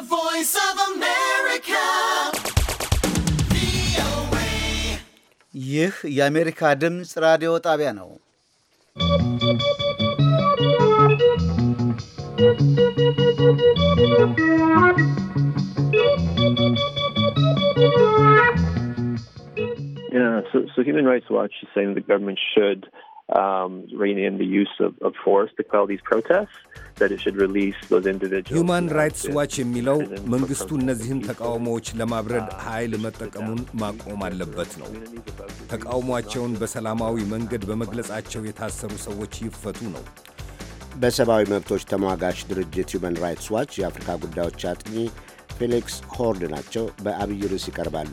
The voice of America. VOA. ይህ የአሜሪካ ድምፅ ራዲዮ ጣቢያ ነው። Yeah, so, so Human Rights Watch is saying the government should um, reining in the use of, of force to quell these protests, that it should release those individuals. ሁማን ራይትስ ዋች የሚለው መንግስቱ እነዚህን ተቃውሞዎች ለማብረድ uh, ኃይል መጠቀሙን ማቆም አለበት ነው። ተቃውሟቸውን በሰላማዊ መንገድ በመግለጻቸው የታሰሩ ሰዎች ይፈቱ ነው። በሰብአዊ መብቶች ተሟጋች ድርጅት ሁማን ራይትስ ዋች የአፍሪካ ጉዳዮች አጥኚ ፌሊክስ ሆርድ ናቸው። በአብይ ርዕስ ይቀርባሉ።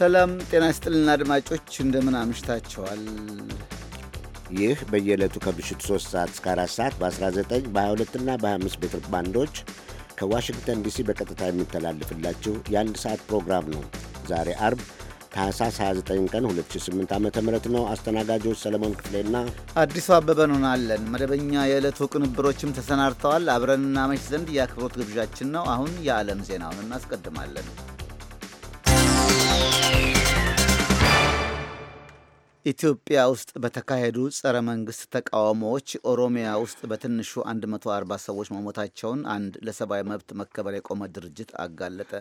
ሰላም ጤና ይስጥልና አድማጮች እንደምን አምሽታቸዋል? ይህ በየዕለቱ ከምሽቱ 3 ሰዓት እስከ 4 ሰዓት በ19 በ22 እና በ25 ሜትር ባንዶች ከዋሽንግተን ዲሲ በቀጥታ የሚተላልፍላችሁ የአንድ ሰዓት ፕሮግራም ነው። ዛሬ አርብ ታህሳስ 29 ቀን 2008 ዓ ም ነው። አስተናጋጆች ሰለሞን ክፍሌና አዲሱ አበበ እንሆናለን። መደበኛ የዕለቱ ቅንብሮችም ተሰናድተዋል። አብረን እናመሽ ዘንድ የአክብሮት ግብዣችን ነው። አሁን የዓለም ዜናውን እናስቀድማለን። ኢትዮጵያ ውስጥ በተካሄዱ ጸረ መንግስት ተቃውሞዎች ኦሮሚያ ውስጥ በትንሹ 140 ሰዎች መሞታቸውን አንድ ለሰብአዊ መብት መከበር የቆመ ድርጅት አጋለጠ።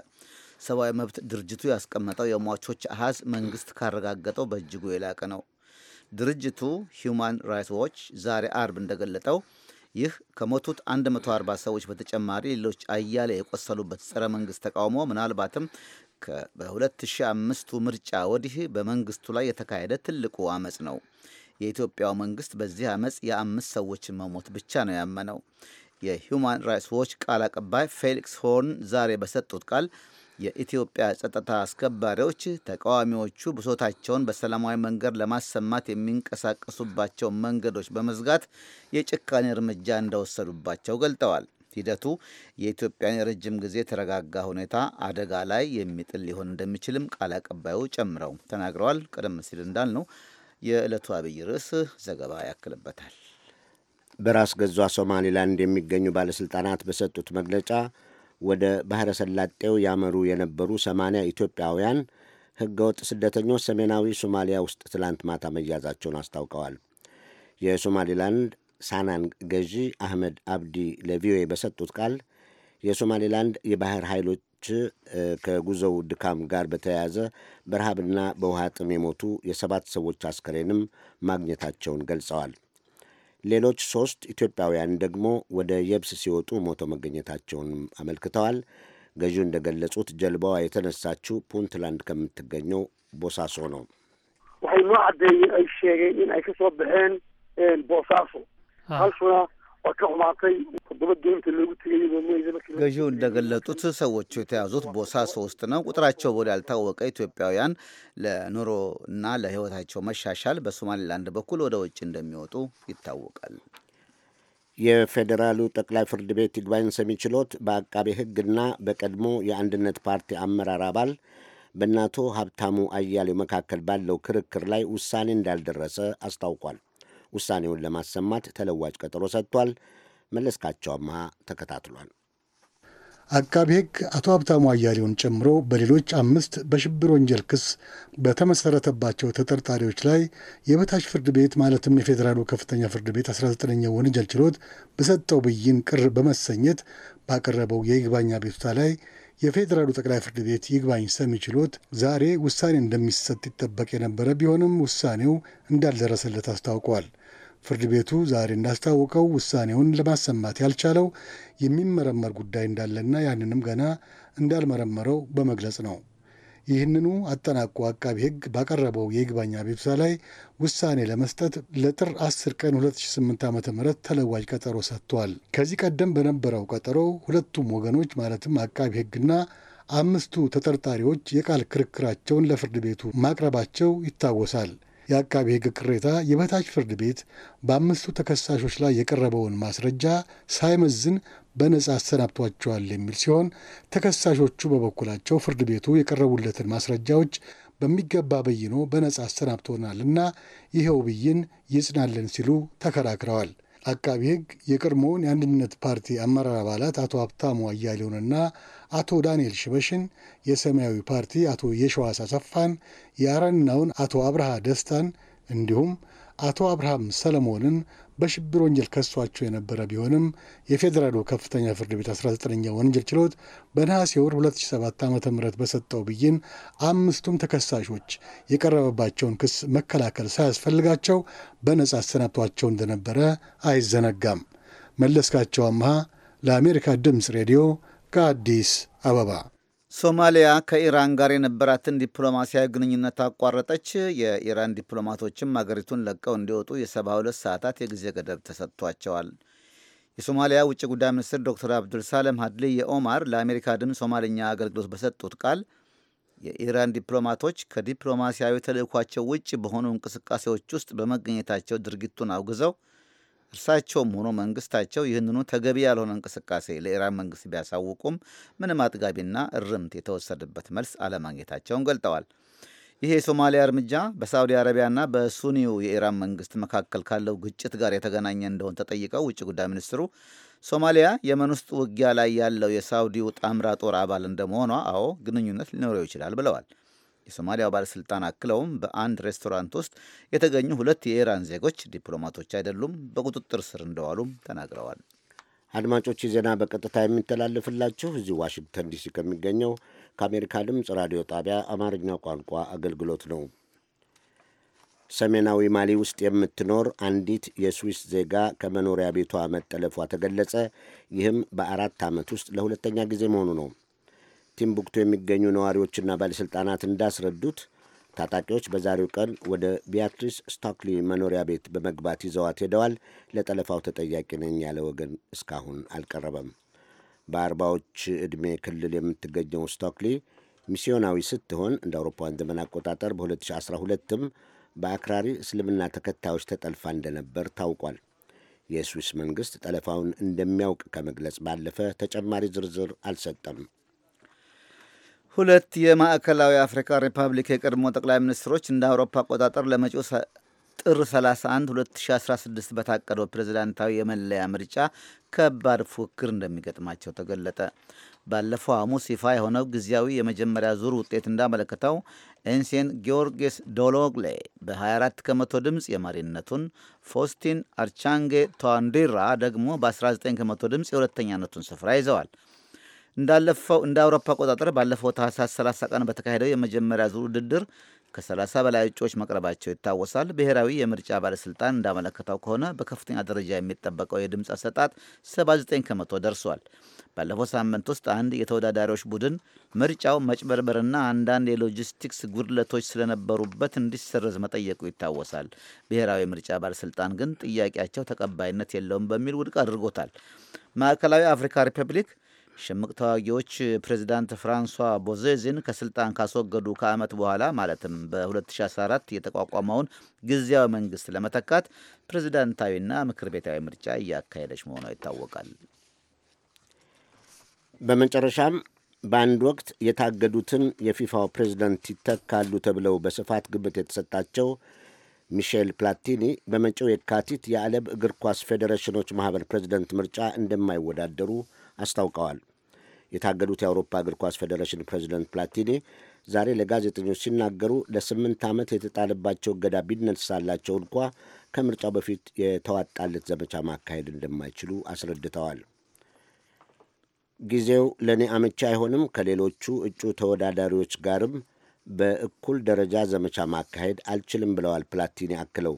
ሰብአዊ መብት ድርጅቱ ያስቀመጠው የሟቾች አሃዝ መንግስት ካረጋገጠው በእጅጉ የላቀ ነው። ድርጅቱ ሂዩማን ራይትስ ዎች ዛሬ አርብ እንደገለጠው ይህ ከሞቱት 140 ሰዎች በተጨማሪ ሌሎች አያሌ የቆሰሉበት ጸረ መንግስት ተቃውሞ ምናልባትም በ2005ቱ ምርጫ ወዲህ በመንግስቱ ላይ የተካሄደ ትልቁ አመፅ ነው። የኢትዮጵያው መንግስት በዚህ አመፅ የአምስት ሰዎችን መሞት ብቻ ነው ያመነው። የሂውማን ራይትስ ዎች ቃል አቀባይ ፌሊክስ ሆርን ዛሬ በሰጡት ቃል የኢትዮጵያ ጸጥታ አስከባሪዎች ተቃዋሚዎቹ ብሶታቸውን በሰላማዊ መንገድ ለማሰማት የሚንቀሳቀሱባቸው መንገዶች በመዝጋት የጭካኔ እርምጃ እንደወሰዱባቸው ገልጠዋል። ሂደቱ የኢትዮጵያን የረጅም ጊዜ የተረጋጋ ሁኔታ አደጋ ላይ የሚጥል ሊሆን እንደሚችልም ቃል አቀባዩ ጨምረው ተናግረዋል። ቀደም ሲል እንዳልነው የዕለቱ አብይ ርዕስ ዘገባ ያክልበታል። በራስ ገዟ ሶማሌላንድ የሚገኙ ባለሥልጣናት በሰጡት መግለጫ ወደ ባሕረ ሰላጤው ያመሩ የነበሩ ሰማንያ ኢትዮጵያውያን ሕገወጥ ስደተኞች ሰሜናዊ ሶማሊያ ውስጥ ትላንት ማታ መያዛቸውን አስታውቀዋል። የሶማሌላንድ ሳናን ገዢ አህመድ አብዲ ለቪኦኤ በሰጡት ቃል የሶማሌላንድ የባህር ኃይሎች ከጉዞው ድካም ጋር በተያያዘ በረሃብና በውሃ ጥም የሞቱ የሰባት ሰዎች አስከሬንም ማግኘታቸውን ገልጸዋል። ሌሎች ሶስት ኢትዮጵያውያን ደግሞ ወደ የብስ ሲወጡ ሞተው መገኘታቸውን አመልክተዋል። ገዢው እንደገለጹት ጀልባዋ የተነሳችው ፑንትላንድ ከምትገኘው ቦሳሶ ነው። waxay ኖ cadeeyey ay ኢን in ay kasoo ገዢው እንደገለጡት ሰዎቹ የተያዙት ቦሳ ውስጥ ነው። ቁጥራቸው ወደ ያልታወቀ ኢትዮጵያውያን ለኑሮ እና ለሕይወታቸው መሻሻል በሶማሌላንድ በኩል ወደ ውጭ እንደሚወጡ ይታወቃል። የፌዴራሉ ጠቅላይ ፍርድ ቤት ይግባኝ ሰሚ ችሎት በአቃቤ ሕግና በቀድሞ የአንድነት ፓርቲ አመራር አባል በእነ አቶ ሀብታሙ አያሌው መካከል ባለው ክርክር ላይ ውሳኔ እንዳልደረሰ አስታውቋል። ውሳኔውን ለማሰማት ተለዋጭ ቀጠሮ ሰጥቷል። መለስካቸውማ ተከታትሏል። አቃቢ ሕግ አቶ ሀብታሙ አያሌውን ጨምሮ በሌሎች አምስት በሽብር ወንጀል ክስ በተመሰረተባቸው ተጠርጣሪዎች ላይ የበታች ፍርድ ቤት ማለትም የፌዴራሉ ከፍተኛ ፍርድ ቤት 19ኛው ወንጀል ችሎት በሰጠው ብይን ቅር በመሰኘት ባቀረበው የይግባኝ አቤቱታ ላይ የፌዴራሉ ጠቅላይ ፍርድ ቤት ይግባኝ ሰሚ ችሎት ዛሬ ውሳኔ እንደሚሰጥ ይጠበቅ የነበረ ቢሆንም ውሳኔው እንዳልደረሰለት አስታውቋል። ፍርድ ቤቱ ዛሬ እንዳስታወቀው ውሳኔውን ለማሰማት ያልቻለው የሚመረመር ጉዳይ እንዳለና ያንንም ገና እንዳልመረመረው በመግለጽ ነው። ይህንኑ አጠናቆ አቃቢ ሕግ ባቀረበው የይግባኝ አቤቱታ ላይ ውሳኔ ለመስጠት ለጥር 10 ቀን 2008 ዓ ም ተለዋጅ ቀጠሮ ሰጥቷል። ከዚህ ቀደም በነበረው ቀጠሮ ሁለቱም ወገኖች ማለትም አቃቢ ሕግና አምስቱ ተጠርጣሪዎች የቃል ክርክራቸውን ለፍርድ ቤቱ ማቅረባቸው ይታወሳል። የአቃቢ ሕግ ቅሬታ የበታች ፍርድ ቤት በአምስቱ ተከሳሾች ላይ የቀረበውን ማስረጃ ሳይመዝን በነጻ አሰናብቷቸዋል የሚል ሲሆን ተከሳሾቹ በበኩላቸው ፍርድ ቤቱ የቀረቡለትን ማስረጃዎች በሚገባ በይኖ በነጻ አሰናብቶናልና ይኸው ብይን ይጽናልን ሲሉ ተከራክረዋል። አቃቢ ሕግ የቀድሞውን የአንድነት ፓርቲ አመራር አባላት አቶ ሀብታሙ አያሌውንና አቶ ዳንኤል ሽበሽን፣ የሰማያዊ ፓርቲ አቶ የሸዋስ አሰፋን፣ የአረናውን አቶ አብርሃ ደስታን እንዲሁም አቶ አብርሃም ሰለሞንን በሽብር ወንጀል ከሷቸው የነበረ ቢሆንም የፌዴራሉ ከፍተኛ ፍርድ ቤት 19ኛ ወንጀል ችሎት በነሐሴ ወር 2007 ዓ ም በሰጠው ብይን አምስቱም ተከሳሾች የቀረበባቸውን ክስ መከላከል ሳያስፈልጋቸው በነጻ አሰናብቷቸው እንደነበረ አይዘነጋም። መለስካቸው አምሃ ለአሜሪካ ድምፅ ሬዲዮ ከአዲስ አበባ ሶማሊያ ከኢራን ጋር የነበራትን ዲፕሎማሲያዊ ግንኙነት አቋረጠች። የኢራን ዲፕሎማቶችም አገሪቱን ለቀው እንዲወጡ የ72 ሰዓታት የጊዜ ገደብ ተሰጥቷቸዋል። የሶማሊያ ውጭ ጉዳይ ሚኒስትር ዶክተር አብዱልሳለም ሀድሊ የኦማር ለአሜሪካ ድምፅ ሶማልኛ አገልግሎት በሰጡት ቃል የኢራን ዲፕሎማቶች ከዲፕሎማሲያዊ ተልእኳቸው ውጭ በሆኑ እንቅስቃሴዎች ውስጥ በመገኘታቸው ድርጊቱን አውግዘው እርሳቸውም ሆኖ መንግስታቸው ይህንኑ ተገቢ ያልሆነ እንቅስቃሴ ለኢራን መንግስት ቢያሳውቁም ምንም አጥጋቢና እርምት የተወሰደበት መልስ አለማግኘታቸውን ገልጠዋል። ይህ የሶማሊያ እርምጃ በሳዑዲ አረቢያና በሱኒው የኢራን መንግስት መካከል ካለው ግጭት ጋር የተገናኘ እንደሆን ተጠይቀው ውጭ ጉዳይ ሚኒስትሩ ሶማሊያ የመን ውስጥ ውጊያ ላይ ያለው የሳውዲው ጣምራ ጦር አባል እንደመሆኗ አዎ ግንኙነት ሊኖረው ይችላል ብለዋል። የሶማሊያው ባለስልጣን አክለውም በአንድ ሬስቶራንት ውስጥ የተገኙ ሁለት የኢራን ዜጎች ዲፕሎማቶች አይደሉም፣ በቁጥጥር ስር እንደዋሉም ተናግረዋል። አድማጮች ዜና በቀጥታ የሚተላለፍላችሁ እዚህ ዋሽንግተን ዲሲ ከሚገኘው ከአሜሪካ ድምፅ ራዲዮ ጣቢያ አማርኛ ቋንቋ አገልግሎት ነው። ሰሜናዊ ማሊ ውስጥ የምትኖር አንዲት የስዊስ ዜጋ ከመኖሪያ ቤቷ መጠለፏ ተገለጸ። ይህም በአራት ዓመት ውስጥ ለሁለተኛ ጊዜ መሆኑ ነው። ቲምቡክቱ የሚገኙ ነዋሪዎችና ባለሥልጣናት እንዳስረዱት ታጣቂዎች በዛሬው ቀን ወደ ቢያትሪስ ስታክሊ መኖሪያ ቤት በመግባት ይዘዋት ሄደዋል። ለጠለፋው ተጠያቂ ነኝ ያለ ወገን እስካሁን አልቀረበም። በአርባዎች ዕድሜ ክልል የምትገኘው ስቶክሊ ሚስዮናዊ ስትሆን እንደ አውሮፓውያን ዘመን አቆጣጠር በ2012ም በአክራሪ እስልምና ተከታዮች ተጠልፋ እንደነበር ታውቋል። የስዊስ መንግሥት ጠለፋውን እንደሚያውቅ ከመግለጽ ባለፈ ተጨማሪ ዝርዝር አልሰጠም። ሁለት የማዕከላዊ አፍሪካ ሪፐብሊክ የቀድሞ ጠቅላይ ሚኒስትሮች እንደ አውሮፓ አቆጣጠር ለመጪው ጥር 31 2016 በታቀደው ፕሬዝዳንታዊ የመለያ ምርጫ ከባድ ፉክክር እንደሚገጥማቸው ተገለጠ። ባለፈው ሐሙስ ይፋ የሆነው ጊዜያዊ የመጀመሪያ ዙር ውጤት እንዳመለከተው ኤንሴን ጊዮርጌስ ዶሎግሌ በ24 ከመቶ ድምፅ የመሪነቱን፣ ፎስቲን አርቻንጌ ቷንዲራ ደግሞ በ19 ከመቶ ድምፅ የሁለተኛነቱን ስፍራ ይዘዋል። እንዳለፈው እንደ አውሮፓ አቆጣጠር ባለፈው ታህሳስ 30 ቀን በተካሄደው የመጀመሪያ ዙር ውድድር ከ30 በላይ እጩዎች መቅረባቸው ይታወሳል። ብሔራዊ የምርጫ ባለስልጣን እንዳመለከተው ከሆነ በከፍተኛ ደረጃ የሚጠበቀው የድምፅ አሰጣጥ 79 ከመቶ ደርሷል። ባለፈው ሳምንት ውስጥ አንድ የተወዳዳሪዎች ቡድን ምርጫው መጭበርበርና አንዳንድ የሎጂስቲክስ ጉድለቶች ስለነበሩበት እንዲሰረዝ መጠየቁ ይታወሳል። ብሔራዊ የምርጫ ባለስልጣን ግን ጥያቄያቸው ተቀባይነት የለውም በሚል ውድቅ አድርጎታል። ማዕከላዊ አፍሪካ ሪፐብሊክ ሽምቅ ተዋጊዎች ፕሬዚዳንት ፍራንሷ ቦዜዝን ከስልጣን ካስወገዱ ከዓመት በኋላ ማለትም በ2014 የተቋቋመውን ጊዜያዊ መንግስት ለመተካት ፕሬዚዳንታዊና ምክር ቤታዊ ምርጫ እያካሄደች መሆኗ ይታወቃል። በመጨረሻም በአንድ ወቅት የታገዱትን የፊፋው ፕሬዚዳንት ይተካሉ ተብለው በስፋት ግምት የተሰጣቸው ሚሼል ፕላቲኒ በመጪው የካቲት የዓለም እግር ኳስ ፌዴሬሽኖች ማኅበር ፕሬዚደንት ምርጫ እንደማይወዳደሩ አስታውቀዋል። የታገዱት የአውሮፓ እግር ኳስ ፌዴሬሽን ፕሬዚደንት ፕላቲኒ ዛሬ ለጋዜጠኞች ሲናገሩ ለስምንት ዓመት የተጣለባቸው እገዳ ቢነሳላቸው እንኳ ከምርጫው በፊት የተዋጣለት ዘመቻ ማካሄድ እንደማይችሉ አስረድተዋል። ጊዜው ለእኔ አመቺ አይሆንም፣ ከሌሎቹ እጩ ተወዳዳሪዎች ጋርም በእኩል ደረጃ ዘመቻ ማካሄድ አልችልም ብለዋል ፕላቲኒ አክለው።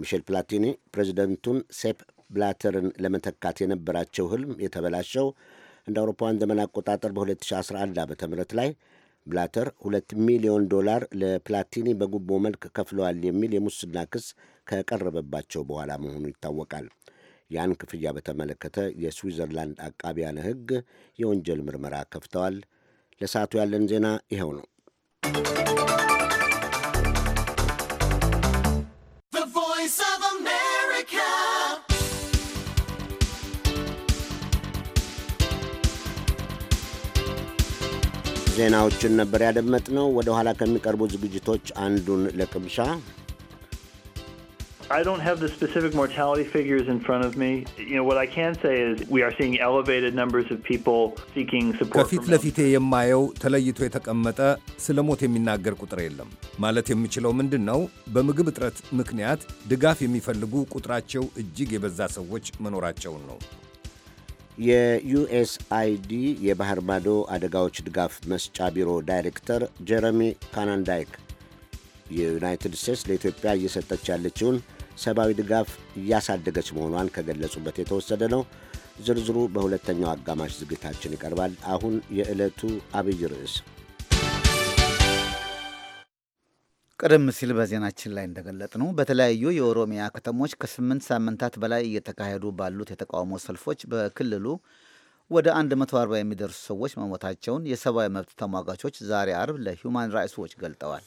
ሚሼል ፕላቲኒ ፕሬዚደንቱን ሴፕ ብላተርን ለመተካት የነበራቸው ህልም የተበላሸው እንደ አውሮፓውያን ዘመን አቆጣጠር በ2011 ዓ ም ላይ ብላተር ሁለት ሚሊዮን ዶላር ለፕላቲኒ በጉቦ መልክ ከፍለዋል የሚል የሙስና ክስ ከቀረበባቸው በኋላ መሆኑ ይታወቃል። ያን ክፍያ በተመለከተ የስዊዘርላንድ አቃቢያነ ህግ የወንጀል ምርመራ ከፍተዋል። ለሰዓቱ ያለን ዜና ይኸው ነው። ዜናዎችን ነበር ያደመጥነው። ወደ ኋላ ከሚቀርቡ ዝግጅቶች አንዱን ለቅምሻ I don't have the specific mortality figures in front of me. You know, what I can say is we are seeing elevated numbers of people seeking support. ከፊት ለፊቴ የማየው ተለይቶ የተቀመጠ ስለ ሞት የሚናገር ቁጥር የለም። ማለት የምችለው ምንድን ነው፣ በምግብ እጥረት ምክንያት ድጋፍ የሚፈልጉ ቁጥራቸው እጅግ የበዛ ሰዎች መኖራቸውን ነው። የዩኤስአይዲ የባህር ማዶ አደጋዎች ድጋፍ መስጫ ቢሮ ዳይሬክተር ጀረሚ ካናንዳይክ የዩናይትድ ስቴትስ ለኢትዮጵያ እየሰጠች ያለችውን ሰብአዊ ድጋፍ እያሳደገች መሆኗን ከገለጹበት የተወሰደ ነው። ዝርዝሩ በሁለተኛው አጋማሽ ዝግጅታችን ይቀርባል። አሁን የዕለቱ አብይ ርዕስ ቀደም ሲል በዜናችን ላይ እንደገለጥ ነው በተለያዩ የኦሮሚያ ከተሞች ከስምንት ሳምንታት በላይ እየተካሄዱ ባሉት የተቃውሞ ሰልፎች በክልሉ ወደ 140 የሚደርሱ ሰዎች መሞታቸውን የሰብአዊ መብት ተሟጋቾች ዛሬ አርብ ለሂውማን ራይትስ ዎች ገልጠዋል።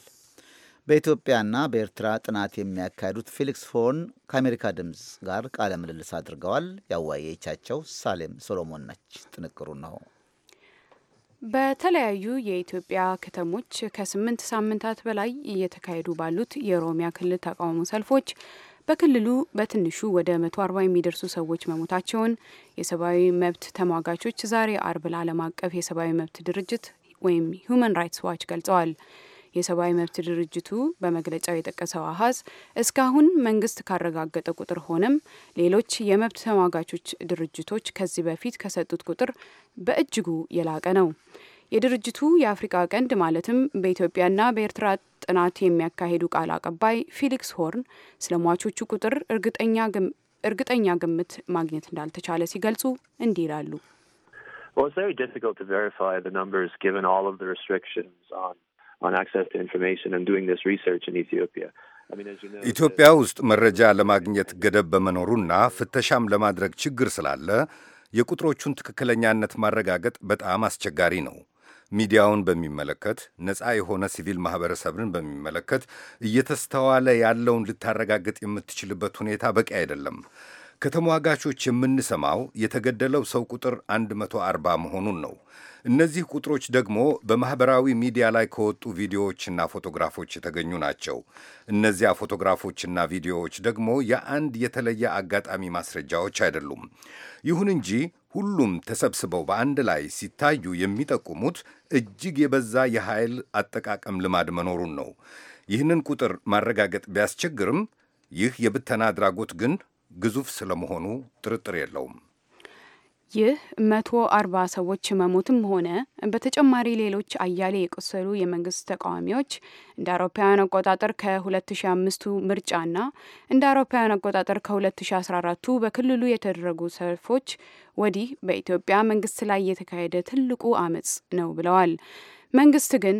በኢትዮጵያና በኤርትራ ጥናት የሚያካሂዱት ፊሊክስ ሆርን ከአሜሪካ ድምፅ ጋር ቃለ ምልልስ አድርገዋል። ያወያየቻቸው ሳሌም ሶሎሞን ነች። ጥንቅሩ ነው። በተለያዩ የኢትዮጵያ ከተሞች ከስምንት ሳምንታት በላይ እየተካሄዱ ባሉት የኦሮሚያ ክልል ተቃውሞ ሰልፎች በክልሉ በትንሹ ወደ 140 የሚደርሱ ሰዎች መሞታቸውን የሰብአዊ መብት ተሟጋቾች ዛሬ አርብ ለዓለም አቀፍ የሰብአዊ መብት ድርጅት ወይም ሁማን ራይትስ ዋች ገልጸዋል። የሰብአዊ መብት ድርጅቱ በመግለጫው የጠቀሰው አሀዝ እስካሁን መንግስት ካረጋገጠ ቁጥር ሆነም ሌሎች የመብት ተሟጋቾች ድርጅቶች ከዚህ በፊት ከሰጡት ቁጥር በእጅጉ የላቀ ነው። የድርጅቱ የአፍሪቃ ቀንድ ማለትም በኢትዮጵያና በኤርትራ ጥናት የሚያካሂዱ ቃል አቀባይ ፊሊክስ ሆርን ስለ ሟቾቹ ቁጥር እርግጠኛ ግምት ማግኘት እንዳልተቻለ ሲገልጹ እንዲህ ይላሉ። ኢትዮጵያ ውስጥ መረጃ ለማግኘት ገደብ በመኖሩና ፍተሻም ለማድረግ ችግር ስላለ የቁጥሮቹን ትክክለኛነት ማረጋገጥ በጣም አስቸጋሪ ነው። ሚዲያውን በሚመለከት ነፃ የሆነ ሲቪል ማህበረሰብን በሚመለከት እየተስተዋለ ያለውን ልታረጋግጥ የምትችልበት ሁኔታ በቂ አይደለም። ከተሟጋቾች የምንሰማው የተገደለው ሰው ቁጥር 140 መሆኑን ነው። እነዚህ ቁጥሮች ደግሞ በማኅበራዊ ሚዲያ ላይ ከወጡ ቪዲዮዎችና ፎቶግራፎች የተገኙ ናቸው። እነዚያ ፎቶግራፎችና ቪዲዮዎች ደግሞ የአንድ የተለየ አጋጣሚ ማስረጃዎች አይደሉም። ይሁን እንጂ ሁሉም ተሰብስበው በአንድ ላይ ሲታዩ የሚጠቁሙት እጅግ የበዛ የኃይል አጠቃቀም ልማድ መኖሩን ነው። ይህንን ቁጥር ማረጋገጥ ቢያስቸግርም ይህ የብተና አድራጎት ግን ግዙፍ ስለመሆኑ ጥርጥር የለውም። ይህ መቶ አርባ ሰዎች መሞትም ሆነ በተጨማሪ ሌሎች አያሌ የቆሰሉ የመንግስት ተቃዋሚዎች እንደ አውሮፓውያን አቆጣጠር ከ2005ቱ ምርጫና እንደ አውሮፓውያን አቆጣጠር ከ2014ቱ በክልሉ የተደረጉ ሰልፎች ወዲህ በኢትዮጵያ መንግስት ላይ የተካሄደ ትልቁ አመጽ ነው ብለዋል። መንግስት ግን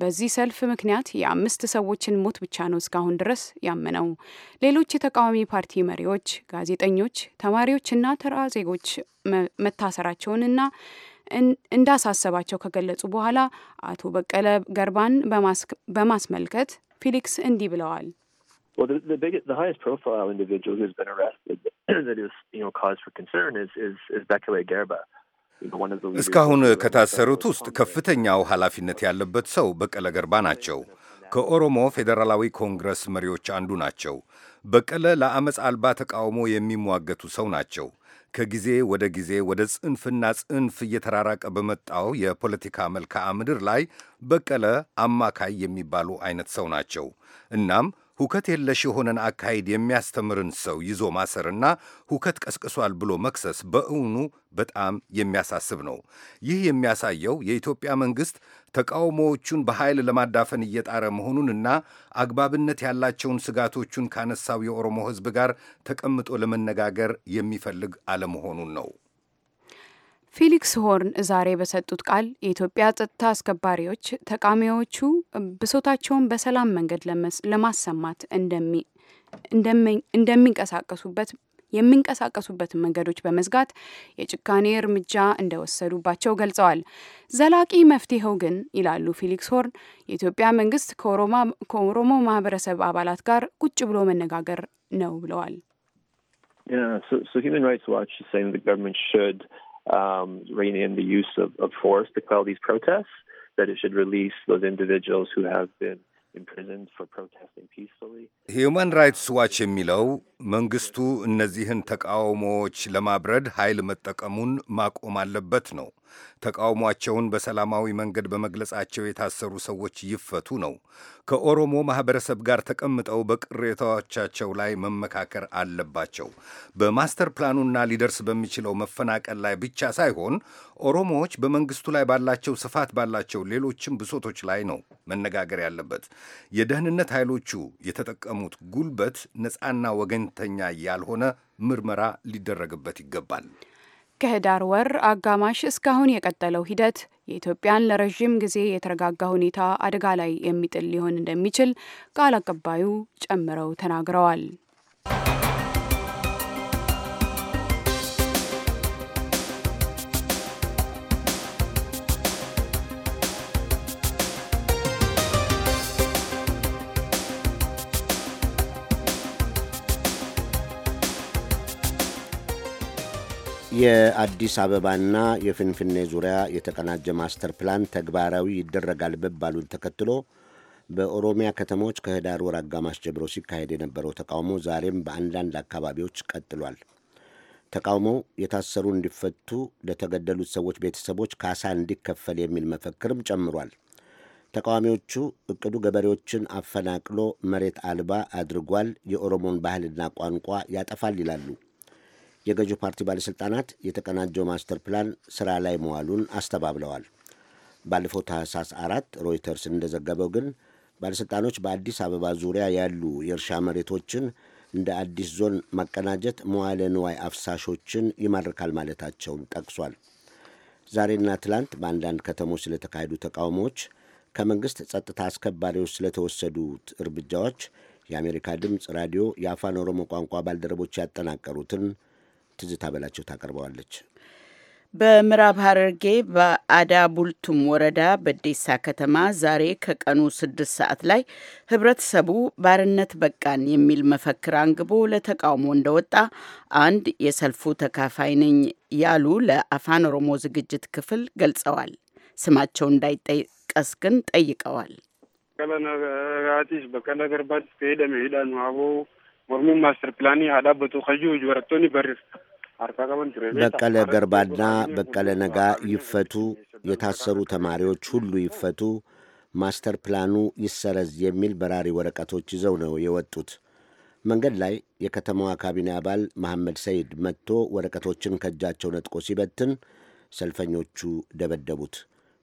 በዚህ ሰልፍ ምክንያት የአምስት ሰዎችን ሞት ብቻ ነው እስካሁን ድረስ ያመነው። ሌሎች የተቃዋሚ ፓርቲ መሪዎች፣ ጋዜጠኞች፣ ተማሪዎችና ተራ ዜጎች መታሰራቸውንና እንዳሳሰባቸው ከገለጹ በኋላ አቶ በቀለ ገርባን በማስመልከት ፊሊክስ እንዲህ ብለዋል። እስካሁን ከታሰሩት ውስጥ ከፍተኛው ኃላፊነት ያለበት ሰው በቀለ ገርባ ናቸው። ከኦሮሞ ፌዴራላዊ ኮንግረስ መሪዎች አንዱ ናቸው። በቀለ ለአመፅ አልባ ተቃውሞ የሚሟገቱ ሰው ናቸው። ከጊዜ ወደ ጊዜ ወደ ጽንፍና ጽንፍ እየተራራቀ በመጣው የፖለቲካ መልክዓ ምድር ላይ በቀለ አማካይ የሚባሉ አይነት ሰው ናቸው። እናም ሁከት የለሽ የሆነን አካሄድ የሚያስተምርን ሰው ይዞ ማሰርና ሁከት ቀስቅሷል ብሎ መክሰስ በእውኑ በጣም የሚያሳስብ ነው። ይህ የሚያሳየው የኢትዮጵያ መንግሥት ተቃውሞዎቹን በኃይል ለማዳፈን እየጣረ መሆኑንና አግባብነት ያላቸውን ስጋቶቹን ካነሳው የኦሮሞ ሕዝብ ጋር ተቀምጦ ለመነጋገር የሚፈልግ አለመሆኑን ነው። ፊሊክስ ሆርን ዛሬ በሰጡት ቃል የኢትዮጵያ ጸጥታ አስከባሪዎች ተቃዋሚዎቹ ብሶታቸውን በሰላም መንገድ ለማሰማት እንደሚንቀሳቀሱበት የሚንቀሳቀሱበትን መንገዶች በመዝጋት የጭካኔ እርምጃ እንደወሰዱባቸው ገልጸዋል። ዘላቂ መፍትሄው ግን ይላሉ ፊሊክስ ሆርን፣ የኢትዮጵያ መንግስት ከኦሮሞ ማህበረሰብ አባላት ጋር ቁጭ ብሎ መነጋገር ነው ብለዋል። um, reining in the use of, force to quell these protests, that it should release those individuals who have been imprisoned for protesting peacefully. ተቃውሟቸውን በሰላማዊ መንገድ በመግለጻቸው የታሰሩ ሰዎች ይፈቱ ነው። ከኦሮሞ ማኅበረሰብ ጋር ተቀምጠው በቅሬታዎቻቸው ላይ መመካከር አለባቸው። በማስተር ፕላኑና ሊደርስ በሚችለው መፈናቀል ላይ ብቻ ሳይሆን ኦሮሞዎች በመንግስቱ ላይ ባላቸው ስፋት ባላቸው ሌሎችም ብሶቶች ላይ ነው መነጋገር ያለበት። የደህንነት ኃይሎቹ የተጠቀሙት ጉልበት ነፃና ወገንተኛ ያልሆነ ምርመራ ሊደረግበት ይገባል። ከህዳር ወር አጋማሽ እስካሁን የቀጠለው ሂደት የኢትዮጵያን ለረዥም ጊዜ የተረጋጋ ሁኔታ አደጋ ላይ የሚጥል ሊሆን እንደሚችል ቃል አቀባዩ ጨምረው ተናግረዋል። የአዲስ አበባና የፍንፍኔ ዙሪያ የተቀናጀ ማስተር ፕላን ተግባራዊ ይደረጋል መባሉን ተከትሎ በኦሮሚያ ከተሞች ከህዳር ወር አጋማሽ ጀምሮ ሲካሄድ የነበረው ተቃውሞ ዛሬም በአንዳንድ አካባቢዎች ቀጥሏል። ተቃውሞው የታሰሩ እንዲፈቱ፣ ለተገደሉት ሰዎች ቤተሰቦች ካሳ እንዲከፈል የሚል መፈክርም ጨምሯል። ተቃዋሚዎቹ እቅዱ ገበሬዎችን አፈናቅሎ መሬት አልባ አድርጓል፣ የኦሮሞን ባህልና ቋንቋ ያጠፋል ይላሉ። የገዢው ፓርቲ ባለሥልጣናት የተቀናጀው ማስተር ፕላን ሥራ ላይ መዋሉን አስተባብለዋል። ባለፈው ታህሳስ አራት ሮይተርስ እንደዘገበው ግን ባለሥልጣኖች በአዲስ አበባ ዙሪያ ያሉ የእርሻ መሬቶችን እንደ አዲስ ዞን ማቀናጀት መዋለ ንዋይ አፍሳሾችን ይማርካል ማለታቸውን ጠቅሷል። ዛሬና ትላንት በአንዳንድ ከተሞች ስለተካሄዱ ተቃውሞዎች፣ ከመንግሥት ጸጥታ አስከባሪዎች ስለተወሰዱት እርምጃዎች የአሜሪካ ድምፅ ራዲዮ የአፋን ኦሮሞ ቋንቋ ባልደረቦች ያጠናቀሩትን ትዝታ በላቸው ታቀርበዋለች። በምዕራብ ሐረርጌ በአዳ ቡልቱም ወረዳ በዴሳ ከተማ ዛሬ ከቀኑ ስድስት ሰዓት ላይ ህብረተሰቡ ባርነት በቃን የሚል መፈክር አንግቦ ለተቃውሞ እንደወጣ አንድ የሰልፉ ተካፋይ ነኝ ያሉ ለአፋን ኦሮሞ ዝግጅት ክፍል ገልጸዋል። ስማቸው እንዳይጠቀስ ግን ጠይቀዋል። ኦሮሚን ማስተር ፕላን ሀዳበቱ ከዩ ወረቶኒ በሪፍ በቀለ ገርባና በቀለ ነጋ ይፈቱ፣ የታሰሩ ተማሪዎች ሁሉ ይፈቱ፣ ማስተር ፕላኑ ይሰረዝ የሚል በራሪ ወረቀቶች ይዘው ነው የወጡት። መንገድ ላይ የከተማዋ ካቢኔ አባል መሐመድ ሰይድ መጥቶ ወረቀቶችን ከእጃቸው ነጥቆ ሲበትን ሰልፈኞቹ ደበደቡት።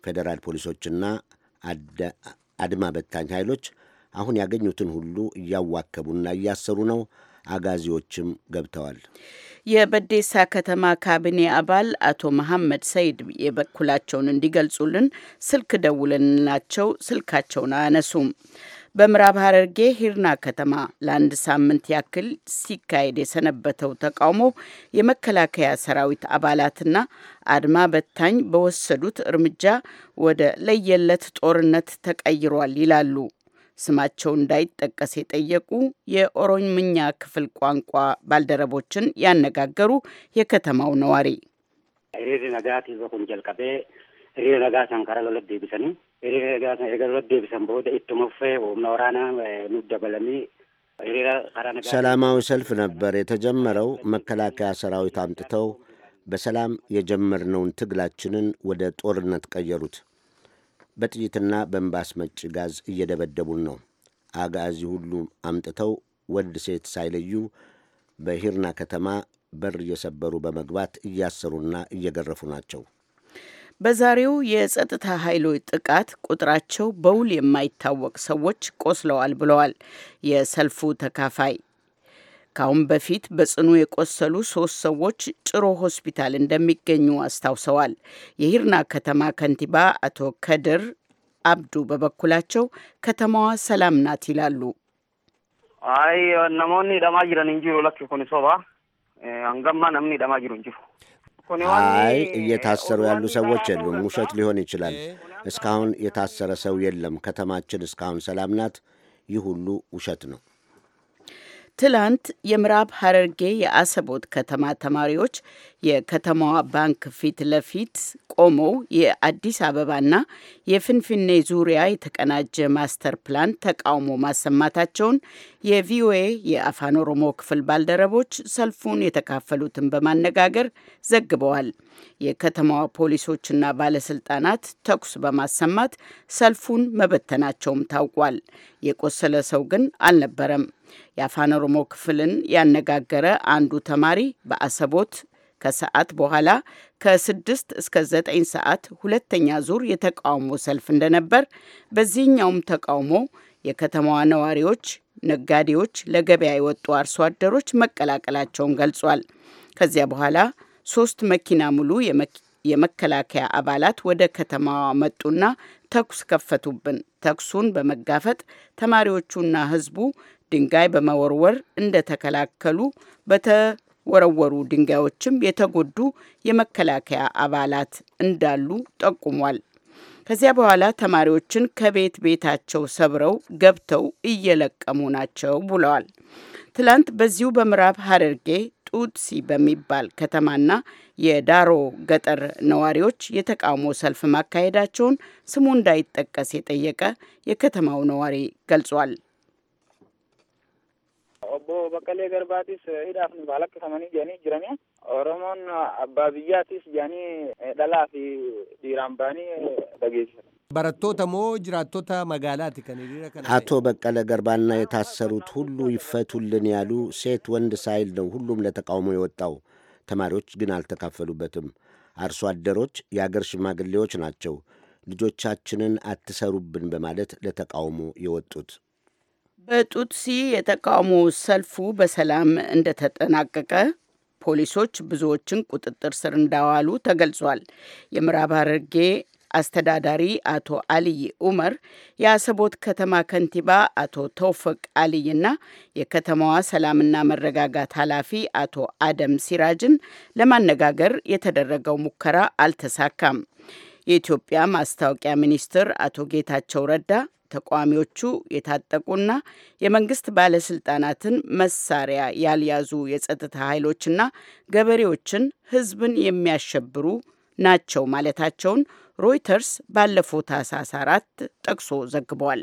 ፌዴራል ፖሊሶችና አድማ በታኝ ኃይሎች አሁን ያገኙትን ሁሉ እያዋከቡና እያሰሩ ነው። አጋዚዎችም ገብተዋል። የበዴሳ ከተማ ካቢኔ አባል አቶ መሐመድ ሰይድ የበኩላቸውን እንዲገልጹልን ስልክ ደውለንላቸው ስልካቸውን አያነሱም። በምዕራብ ሐረርጌ ሂርና ከተማ ለአንድ ሳምንት ያክል ሲካሄድ የሰነበተው ተቃውሞ የመከላከያ ሰራዊት አባላትና አድማ በታኝ በወሰዱት እርምጃ ወደ ለየለት ጦርነት ተቀይሯል ይላሉ ስማቸው እንዳይጠቀስ የጠየቁ የኦሮምኛ ክፍል ቋንቋ ባልደረቦችን ያነጋገሩ የከተማው ነዋሪ ሰላማዊ ሰልፍ ነበር የተጀመረው። መከላከያ ሰራዊት አምጥተው በሰላም የጀመርነውን ትግላችንን ወደ ጦርነት ቀየሩት። በጥይትና በንባስ መጭ ጋዝ እየደበደቡን ነው። አጋዚ ሁሉ አምጥተው ወንድ ሴት ሳይለዩ በሂርና ከተማ በር እየሰበሩ በመግባት እያሰሩና እየገረፉ ናቸው። በዛሬው የጸጥታ ኃይሎች ጥቃት ቁጥራቸው በውል የማይታወቅ ሰዎች ቆስለዋል ብለዋል የሰልፉ ተካፋይ ካሁን በፊት በጽኑ የቆሰሉ ሶስት ሰዎች ጭሮ ሆስፒታል እንደሚገኙ አስታውሰዋል። የሂርና ከተማ ከንቲባ አቶ ከድር አብዱ በበኩላቸው ከተማዋ ሰላም ናት ይላሉ። አይ ነሞኒ ደማ ጅረን እንጂ ሁለት ኮኒ ሶባ አንገማ ነምኒ ደማ ጅሩ እንጂ አይ እየታሰሩ ያሉ ሰዎች የሉም። ውሸት ሊሆን ይችላል። እስካሁን የታሰረ ሰው የለም። ከተማችን እስካሁን ሰላም ናት። ይህ ሁሉ ውሸት ነው። ትላንት የምዕራብ ሐረርጌ የአሰቦት ከተማ ተማሪዎች የከተማዋ ባንክ ፊት ለፊት ቆመው የአዲስ አበባና የፍንፍኔ ዙሪያ የተቀናጀ ማስተር ፕላን ተቃውሞ ማሰማታቸውን የቪኦኤ የአፋን ኦሮሞ ክፍል ባልደረቦች ሰልፉን የተካፈሉትን በማነጋገር ዘግበዋል። የከተማዋ ፖሊሶችና ባለስልጣናት ተኩስ በማሰማት ሰልፉን መበተናቸውም ታውቋል። የቆሰለ ሰው ግን አልነበረም። የአፋን ኦሮሞ ክፍልን ያነጋገረ አንዱ ተማሪ በአሰቦት ከሰዓት በኋላ ከስድስት እስከ ዘጠኝ ሰዓት ሁለተኛ ዙር የተቃውሞ ሰልፍ እንደነበር፣ በዚህኛውም ተቃውሞ የከተማዋ ነዋሪዎች፣ ነጋዴዎች፣ ለገበያ የወጡ አርሶ አደሮች መቀላቀላቸውን ገልጿል። ከዚያ በኋላ ሶስት መኪና ሙሉ የመከላከያ አባላት ወደ ከተማዋ መጡና ተኩስ ከፈቱብን። ተኩሱን በመጋፈጥ ተማሪዎቹና ህዝቡ ድንጋይ በመወርወር እንደተከላከሉ በተወረወሩ ድንጋዮችም የተጎዱ የመከላከያ አባላት እንዳሉ ጠቁሟል። ከዚያ በኋላ ተማሪዎችን ከቤት ቤታቸው ሰብረው ገብተው እየለቀሙ ናቸው ብለዋል። ትላንት በዚሁ በምዕራብ ሀረርጌ ጡትሲ በሚባል ከተማና የዳሮ ገጠር ነዋሪዎች የተቃውሞ ሰልፍ ማካሄዳቸውን ስሙ እንዳይጠቀስ የጠየቀ የከተማው ነዋሪ ገልጿል። ኦቦ በቀሌ ገርባቲስ ሂዳፍ ባለቅ ተመኒ ጀኒ ጅረኒ Oromoon abbaa biyyaatiif jedhanii eh, dhalaa fi dhiiraan bahanii eh, dhageessisan. Barattoota moo jiraattota magaalaati? Kan hiriira kana አቶ በቀለ ገርባና የታሰሩት ሁሉ ይፈቱልን ያሉ ሴት ወንድ ሳይል ነው ሁሉም ለተቃውሞ የወጣው። ተማሪዎች ግን አልተካፈሉበትም። አርሶ አደሮች፣ የአገር ሽማግሌዎች ናቸው ልጆቻችንን አትሰሩብን በማለት ለተቃውሞ የወጡት። በጡትሲ የተቃውሞ ሰልፉ በሰላም እንደተጠናቀቀ ፖሊሶች ብዙዎችን ቁጥጥር ስር እንዳዋሉ ተገልጿል። የምዕራብ ሐረርጌ አስተዳዳሪ አቶ አልይ ኡመር የአሰቦት ከተማ ከንቲባ አቶ ተውፈቅ አልይና የከተማዋ ሰላምና መረጋጋት ኃላፊ አቶ አደም ሲራጅን ለማነጋገር የተደረገው ሙከራ አልተሳካም። የኢትዮጵያ ማስታወቂያ ሚኒስትር አቶ ጌታቸው ረዳ ተቃዋሚዎቹ የታጠቁና የመንግስት ባለስልጣናትን መሳሪያ ያልያዙ የጸጥታ ኃይሎችና ገበሬዎችን ህዝብን የሚያሸብሩ ናቸው ማለታቸውን ሮይተርስ ባለፈው ታህሳስ አራት ጠቅሶ ዘግቧል።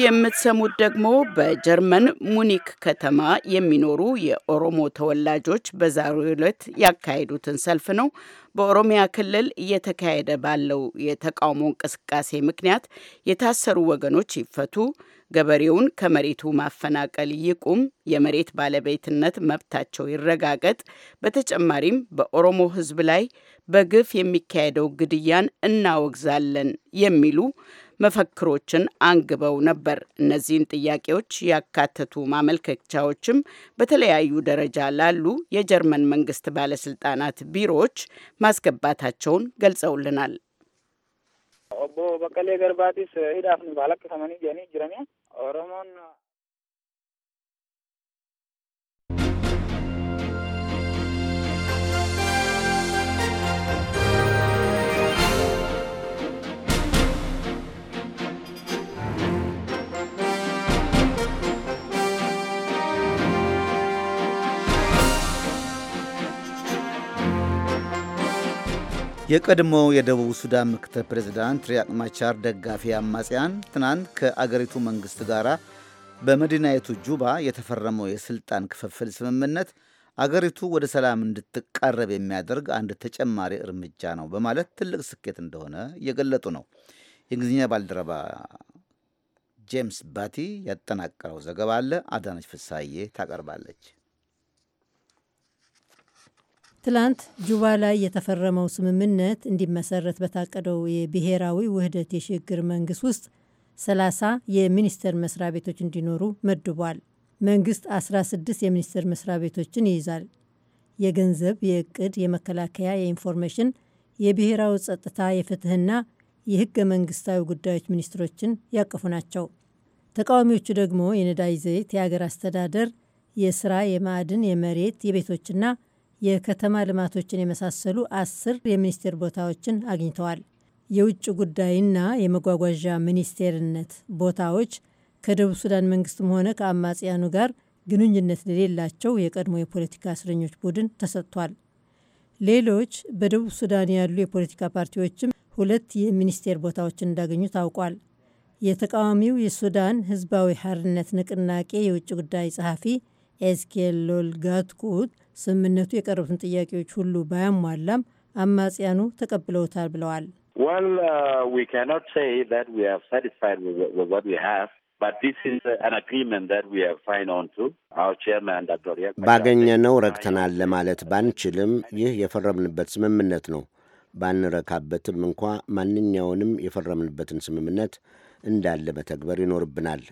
የምትሰሙት ደግሞ በጀርመን ሙኒክ ከተማ የሚኖሩ የኦሮሞ ተወላጆች በዛሬው ዕለት ያካሄዱትን ሰልፍ ነው። በኦሮሚያ ክልል እየተካሄደ ባለው የተቃውሞ እንቅስቃሴ ምክንያት የታሰሩ ወገኖች ይፈቱ፣ ገበሬውን ከመሬቱ ማፈናቀል ይቁም፣ የመሬት ባለቤትነት መብታቸው ይረጋገጥ፣ በተጨማሪም በኦሮሞ ሕዝብ ላይ በግፍ የሚካሄደው ግድያን እናወግዛለን የሚሉ መፈክሮችን አንግበው ነበር። እነዚህን ጥያቄዎች ያካተቱ ማመልከቻዎችም በተለያዩ ደረጃ ላሉ የጀርመን መንግስት ባለስልጣናት ቢሮዎች ማስገባታቸውን ገልጸውልናል። ኦቦ በቀሌ ገርባቲስ ሂዳፍን ባለቅ ሰመኒ ጀኒ ጅረሚያ ኦሮሞን የቀድሞው የደቡብ ሱዳን ምክትል ፕሬዚዳንት ሪያቅ ማቻር ደጋፊ አማጽያን ትናንት ከአገሪቱ መንግሥት ጋር በመዲናይቱ ጁባ የተፈረመው የሥልጣን ክፍፍል ስምምነት አገሪቱ ወደ ሰላም እንድትቃረብ የሚያደርግ አንድ ተጨማሪ እርምጃ ነው በማለት ትልቅ ስኬት እንደሆነ እየገለጡ ነው። የእንግሊዝኛ ባልደረባ ጄምስ ባቲ ያጠናቀረው ዘገባ አለ። አዳነች ፍሳዬ ታቀርባለች። ትላንት ጁባ ላይ የተፈረመው ስምምነት እንዲመሰረት በታቀደው የብሔራዊ ውህደት የሽግግር መንግስት ውስጥ 30 የሚኒስቴር መስሪያ ቤቶች እንዲኖሩ መድቧል። መንግስት 16 የሚኒስቴር መስሪያ ቤቶችን ይይዛል። የገንዘብ፣ የእቅድ፣ የመከላከያ፣ የኢንፎርሜሽን፣ የብሔራዊ ጸጥታ፣ የፍትህና የህገ መንግስታዊ ጉዳዮች ሚኒስትሮችን ያቀፉ ናቸው። ተቃዋሚዎቹ ደግሞ የነዳጅ ዘይት፣ የአገር አስተዳደር፣ የስራ፣ የማዕድን፣ የመሬት፣ የቤቶችና የከተማ ልማቶችን የመሳሰሉ አስር የሚኒስቴር ቦታዎችን አግኝተዋል። የውጭ ጉዳይና የመጓጓዣ ሚኒስቴርነት ቦታዎች ከደቡብ ሱዳን መንግስትም ሆነ ከአማጽያኑ ጋር ግንኙነት ለሌላቸው የቀድሞ የፖለቲካ እስረኞች ቡድን ተሰጥቷል። ሌሎች በደቡብ ሱዳን ያሉ የፖለቲካ ፓርቲዎችም ሁለት የሚኒስቴር ቦታዎችን እንዳገኙ ታውቋል። የተቃዋሚው የሱዳን ህዝባዊ ሀርነት ንቅናቄ የውጭ ጉዳይ ጸሐፊ ኤዝኬል ሎልጋትኩት ስምምነቱ የቀረቡትን ጥያቄዎች ሁሉ ባያሟላም አማጽያኑ ተቀብለውታል ብለዋል። uh, ባገኘነው ረክተናል ለማለት ባንችልም ይህ የፈረምንበት ስምምነት ነው። ባንረካበትም እንኳ ማንኛውንም የፈረምንበትን ስምምነት እንዳለ መተግበር ይኖርብናል።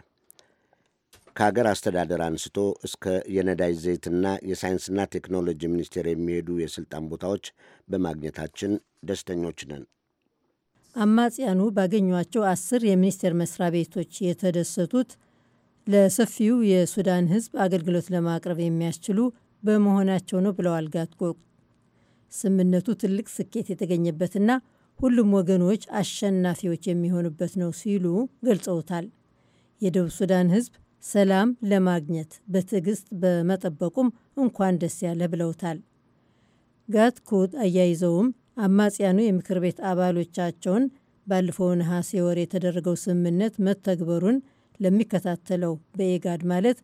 ከሀገር አስተዳደር አንስቶ እስከ የነዳጅ ዘይትና የሳይንስና ቴክኖሎጂ ሚኒስቴር የሚሄዱ የስልጣን ቦታዎች በማግኘታችን ደስተኞች ነን። አማጽያኑ ባገኟቸው አስር የሚኒስቴር መስሪያ ቤቶች የተደሰቱት ለሰፊው የሱዳን ሕዝብ አገልግሎት ለማቅረብ የሚያስችሉ በመሆናቸው ነው ብለዋል ጋትቆቅ። ስምምነቱ ትልቅ ስኬት የተገኘበትና ሁሉም ወገኖች አሸናፊዎች የሚሆኑበት ነው ሲሉ ገልጸውታል። የደቡብ ሱዳን ሕዝብ ሰላም ለማግኘት በትዕግስት በመጠበቁም እንኳን ደስ ያለ ብለውታል። ጋትኩት አያይዘውም አማጽያኑ የምክር ቤት አባሎቻቸውን ባለፈው ነሐሴ ወር የተደረገው ስምምነት መተግበሩን ለሚከታተለው በኤጋድ ማለት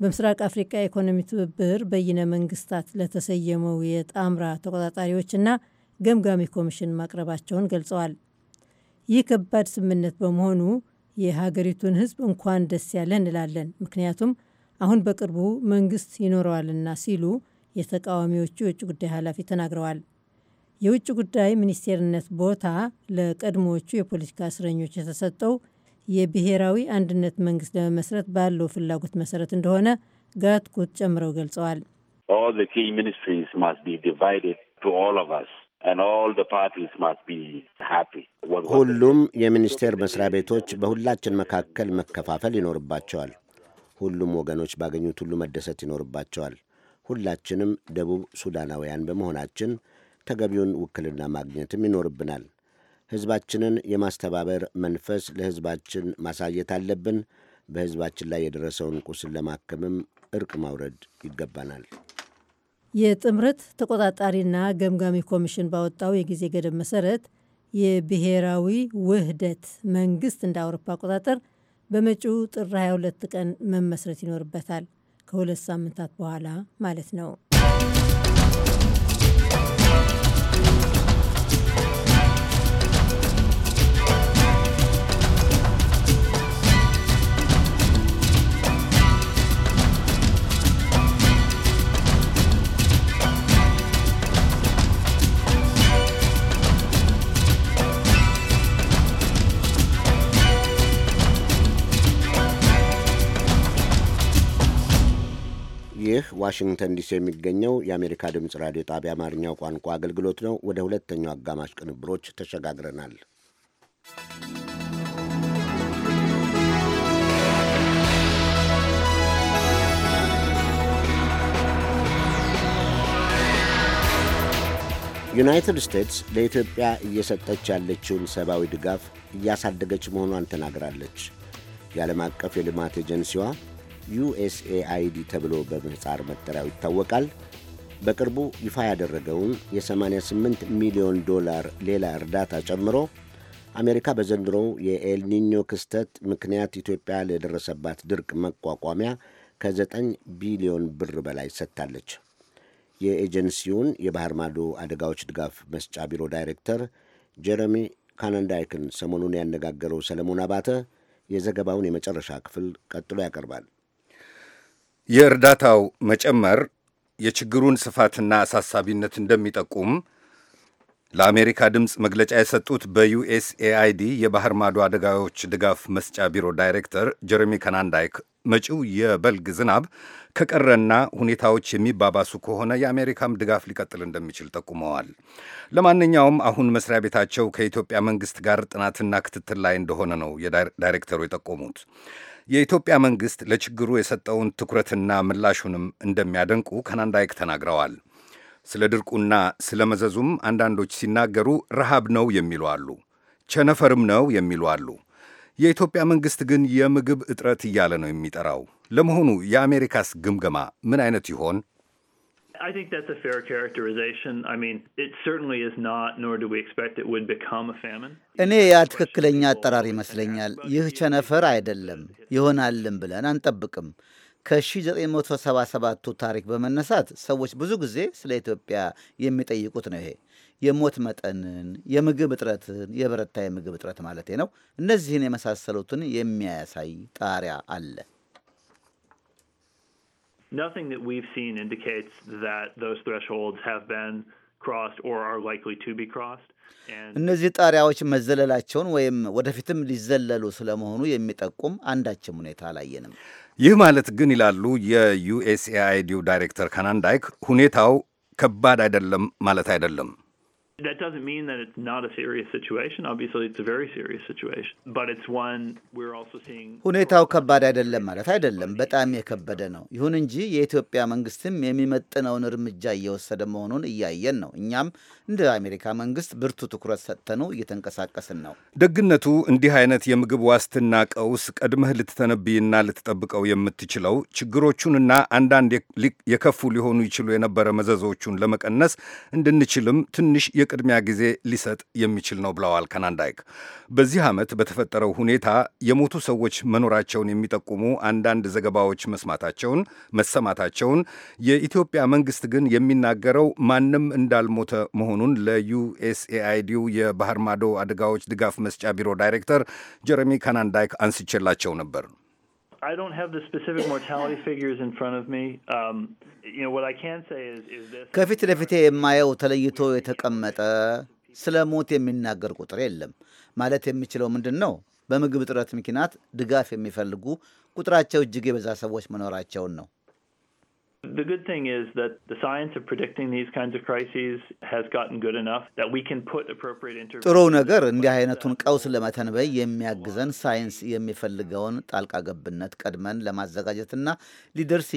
በምስራቅ አፍሪካ ኢኮኖሚ ትብብር በይነ መንግስታት ለተሰየመው የጣምራ ተቆጣጣሪዎችና ገምጋሚ ኮሚሽን ማቅረባቸውን ገልጸዋል። ይህ ከባድ ስምምነት በመሆኑ የሀገሪቱን ህዝብ እንኳን ደስ ያለ እንላለን፣ ምክንያቱም አሁን በቅርቡ መንግስት ይኖረዋልና ሲሉ የተቃዋሚዎቹ የውጭ ጉዳይ ኃላፊ ተናግረዋል። የውጭ ጉዳይ ሚኒስቴርነት ቦታ ለቀድሞዎቹ የፖለቲካ እስረኞች የተሰጠው የብሔራዊ አንድነት መንግስት ለመመስረት ባለው ፍላጎት መሰረት እንደሆነ ጋትኩት ጨምረው ገልጸዋል። ሁሉም የሚኒስቴር መስሪያ ቤቶች በሁላችን መካከል መከፋፈል ይኖርባቸዋል። ሁሉም ወገኖች ባገኙት ሁሉ መደሰት ይኖርባቸዋል። ሁላችንም ደቡብ ሱዳናውያን በመሆናችን ተገቢውን ውክልና ማግኘትም ይኖርብናል። ሕዝባችንን የማስተባበር መንፈስ ለሕዝባችን ማሳየት አለብን። በሕዝባችን ላይ የደረሰውን ቁስል ለማከምም እርቅ ማውረድ ይገባናል። የጥምረት ተቆጣጣሪና ገምጋሚ ኮሚሽን ባወጣው የጊዜ ገደብ መሰረት የብሔራዊ ውህደት መንግስት እንደ አውሮፓ አቆጣጠር በመጪው ጥር 22 ቀን መመስረት ይኖርበታል። ከሁለት ሳምንታት በኋላ ማለት ነው። ይህ ዋሽንግተን ዲሲ የሚገኘው የአሜሪካ ድምፅ ራዲዮ ጣቢያ አማርኛው ቋንቋ አገልግሎት ነው። ወደ ሁለተኛው አጋማሽ ቅንብሮች ተሸጋግረናል። ዩናይትድ ስቴትስ ለኢትዮጵያ እየሰጠች ያለችውን ሰብአዊ ድጋፍ እያሳደገች መሆኗን ተናግራለች። የዓለም አቀፍ የልማት ኤጀንሲዋ ዩኤስኤአይዲ ተብሎ በምህፃር መጠሪያው ይታወቃል። በቅርቡ ይፋ ያደረገውን የ88 ሚሊዮን ዶላር ሌላ እርዳታ ጨምሮ አሜሪካ በዘንድሮው የኤልኒኞ ክስተት ምክንያት ኢትዮጵያ ለደረሰባት ድርቅ መቋቋሚያ ከ9 ቢሊዮን ብር በላይ ሰጥታለች። የኤጀንሲውን የባህር ማዶ አደጋዎች ድጋፍ መስጫ ቢሮ ዳይሬክተር ጀረሚ ካናንዳይክን ሰሞኑን ያነጋገረው ሰለሞን አባተ የዘገባውን የመጨረሻ ክፍል ቀጥሎ ያቀርባል። የእርዳታው መጨመር የችግሩን ስፋትና አሳሳቢነት እንደሚጠቁም ለአሜሪካ ድምፅ መግለጫ የሰጡት በዩኤስኤአይዲ የባህር ማዶ አደጋዎች ድጋፍ መስጫ ቢሮ ዳይሬክተር ጀረሚ ከናንዳይክ መጪው የበልግ ዝናብ ከቀረና ሁኔታዎች የሚባባሱ ከሆነ የአሜሪካም ድጋፍ ሊቀጥል እንደሚችል ጠቁመዋል። ለማንኛውም አሁን መስሪያ ቤታቸው ከኢትዮጵያ መንግስት ጋር ጥናትና ክትትል ላይ እንደሆነ ነው ዳይሬክተሩ የጠቆሙት። የኢትዮጵያ መንግሥት ለችግሩ የሰጠውን ትኩረትና ምላሹንም እንደሚያደንቁ ከናንዳይክ ተናግረዋል። ስለ ድርቁና ስለ መዘዙም አንዳንዶች ሲናገሩ ረሃብ ነው የሚሉ አሉ፣ ቸነፈርም ነው የሚሉ አሉ። የኢትዮጵያ መንግሥት ግን የምግብ እጥረት እያለ ነው የሚጠራው። ለመሆኑ የአሜሪካስ ግምገማ ምን አይነት ይሆን? I think that's a fair characterization. I mean, it certainly is not, nor do we expect it would become a famine. እኔ ያ ትክክለኛ አጠራር ይመስለኛል። ይህ ቸነፈር አይደለም ይሆናልም ብለን አንጠብቅም። ከ1977ቱ ታሪክ በመነሳት ሰዎች ብዙ ጊዜ ስለ ኢትዮጵያ የሚጠይቁት ነው። ይሄ የሞት መጠንን፣ የምግብ እጥረትን፣ የበረታ የምግብ እጥረት ማለት ነው። እነዚህን የመሳሰሉትን የሚያሳይ ጣሪያ አለ። nothing that we've seen indicates that those thresholds have been crossed or are likely to be crossed. እነዚህ ጣሪያዎች መዘለላቸውን ወይም ወደፊትም ሊዘለሉ ስለመሆኑ የሚጠቁም አንዳችም ሁኔታ አላየንም። ይህ ማለት ግን ይላሉ የዩኤስኤአይዲው ዳይሬክተር ካናንዳይክ፣ ሁኔታው ከባድ አይደለም ማለት አይደለም። That doesn't mean that it's not a serious situation. Obviously, it's a very serious situation. But it's one we're also seeing ሁኔታው ከባድ አይደለም ማለት አይደለም። በጣም የከበደ ነው። ይሁን እንጂ የኢትዮጵያ መንግስትም የሚመጥነውን እርምጃ እየወሰደ መሆኑን እያየን ነው። እኛም እንደ አሜሪካ መንግስት ብርቱ ትኩረት ሰጥተኑ እየተንቀሳቀስን ነው። ደግነቱ እንዲህ አይነት የምግብ ዋስትና ቀውስ ቀድመህ ልትተነብይና ልትጠብቀው የምትችለው ችግሮቹንና አንዳንድ የከፉ ሊሆኑ ይችሉ የነበረ መዘዞቹን ለመቀነስ እንድንችልም ትንሽ የቅድሚያ ጊዜ ሊሰጥ የሚችል ነው ብለዋል ከናንዳይክ። በዚህ ዓመት በተፈጠረው ሁኔታ የሞቱ ሰዎች መኖራቸውን የሚጠቁሙ አንዳንድ ዘገባዎች መስማታቸውን መሰማታቸውን፣ የኢትዮጵያ መንግስት ግን የሚናገረው ማንም እንዳልሞተ መሆኑን ለዩኤስኤአይዲው የባህር ማዶ አደጋዎች ድጋፍ መስጫ ቢሮ ዳይሬክተር ጀረሚ ከናንዳይክ አንስቼላቸው ነበር። I don't have the specific mortality figures in front of me. Um, you know, what I can say is, is this... ከፊት ለፊቴ የማየው ተለይቶ የተቀመጠ ስለ ሞት የሚናገር ቁጥር የለም። ማለት የምችለው ምንድን ነው በምግብ እጥረት ምክንያት ድጋፍ የሚፈልጉ ቁጥራቸው እጅግ የበዛ ሰዎች መኖራቸውን ነው። The good thing is that the science of predicting these kinds of crises has gotten good enough that we can put appropriate interventions. ጥሩ ነገር እንዲህ አይነቱን ቀውስ ለመተንበይ የሚያግዘን ሳይንስ የሚፈልገውን ጣልቃ ገብነት ቀድመን ለማዘጋጀትና ሊደርስ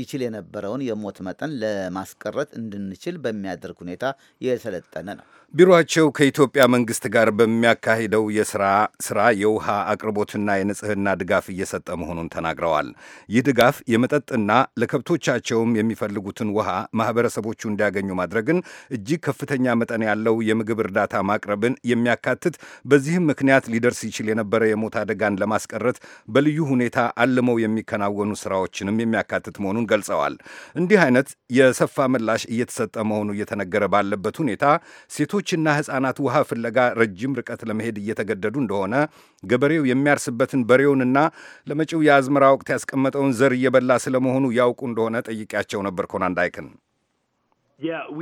ይችል የነበረውን የሞት መጠን ለማስቀረት እንድንችል በሚያደርግ ሁኔታ የሰለጠነ ነው። ቢሮአቸው ከኢትዮጵያ መንግስት ጋር በሚያካሂደው የስራ ስራ የውሃ አቅርቦትና የንጽህና ድጋፍ እየሰጠ መሆኑን ተናግረዋል። ይህ ድጋፍ የመጠጥና ለከብቶቻቸው ሁላቸውም የሚፈልጉትን ውሃ ማኅበረሰቦቹ እንዲያገኙ ማድረግን፣ እጅግ ከፍተኛ መጠን ያለው የምግብ እርዳታ ማቅረብን የሚያካትት በዚህም ምክንያት ሊደርስ ይችል የነበረ የሞት አደጋን ለማስቀረት በልዩ ሁኔታ አልመው የሚከናወኑ ስራዎችንም የሚያካትት መሆኑን ገልጸዋል። እንዲህ አይነት የሰፋ ምላሽ እየተሰጠ መሆኑ እየተነገረ ባለበት ሁኔታ ሴቶችና ሕፃናት ውሃ ፍለጋ ረጅም ርቀት ለመሄድ እየተገደዱ እንደሆነ ገበሬው የሚያርስበትን በሬውንና ለመጪው የአዝመራ ወቅት ያስቀመጠውን ዘር እየበላ ስለመሆኑ ያውቁ እንደሆነ ጠይቄያቸው ነበር። ኮናንድ አይክን uh,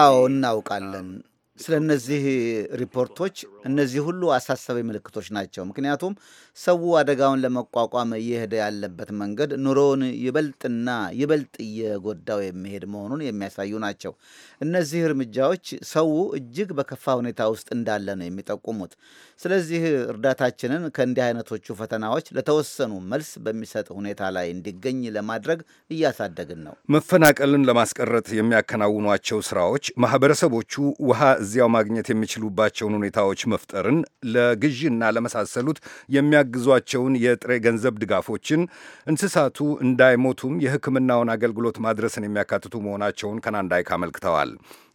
አዎ እናውቃለን። ስለ እነዚህ ሪፖርቶች እነዚህ ሁሉ አሳሳቢ ምልክቶች ናቸው። ምክንያቱም ሰው አደጋውን ለመቋቋም እየሄደ ያለበት መንገድ ኑሮውን ይበልጥና ይበልጥ እየጎዳው የሚሄድ መሆኑን የሚያሳዩ ናቸው። እነዚህ እርምጃዎች ሰው እጅግ በከፋ ሁኔታ ውስጥ እንዳለ ነው የሚጠቁሙት። ስለዚህ እርዳታችንን ከእንዲህ አይነቶቹ ፈተናዎች ለተወሰኑ መልስ በሚሰጥ ሁኔታ ላይ እንዲገኝ ለማድረግ እያሳደግን ነው። መፈናቀልን ለማስቀረት የሚያከናውኗቸው ስራዎች ማህበረሰቦቹ ውሃ እዚያው ማግኘት የሚችሉባቸውን ሁኔታዎች መፍጠርን፣ ለግዥና ለመሳሰሉት የሚያግዟቸውን የጥሬ ገንዘብ ድጋፎችን፣ እንስሳቱ እንዳይሞቱም የሕክምናውን አገልግሎት ማድረስን የሚያካትቱ መሆናቸውን ከናንዳይክ አመልክተዋል።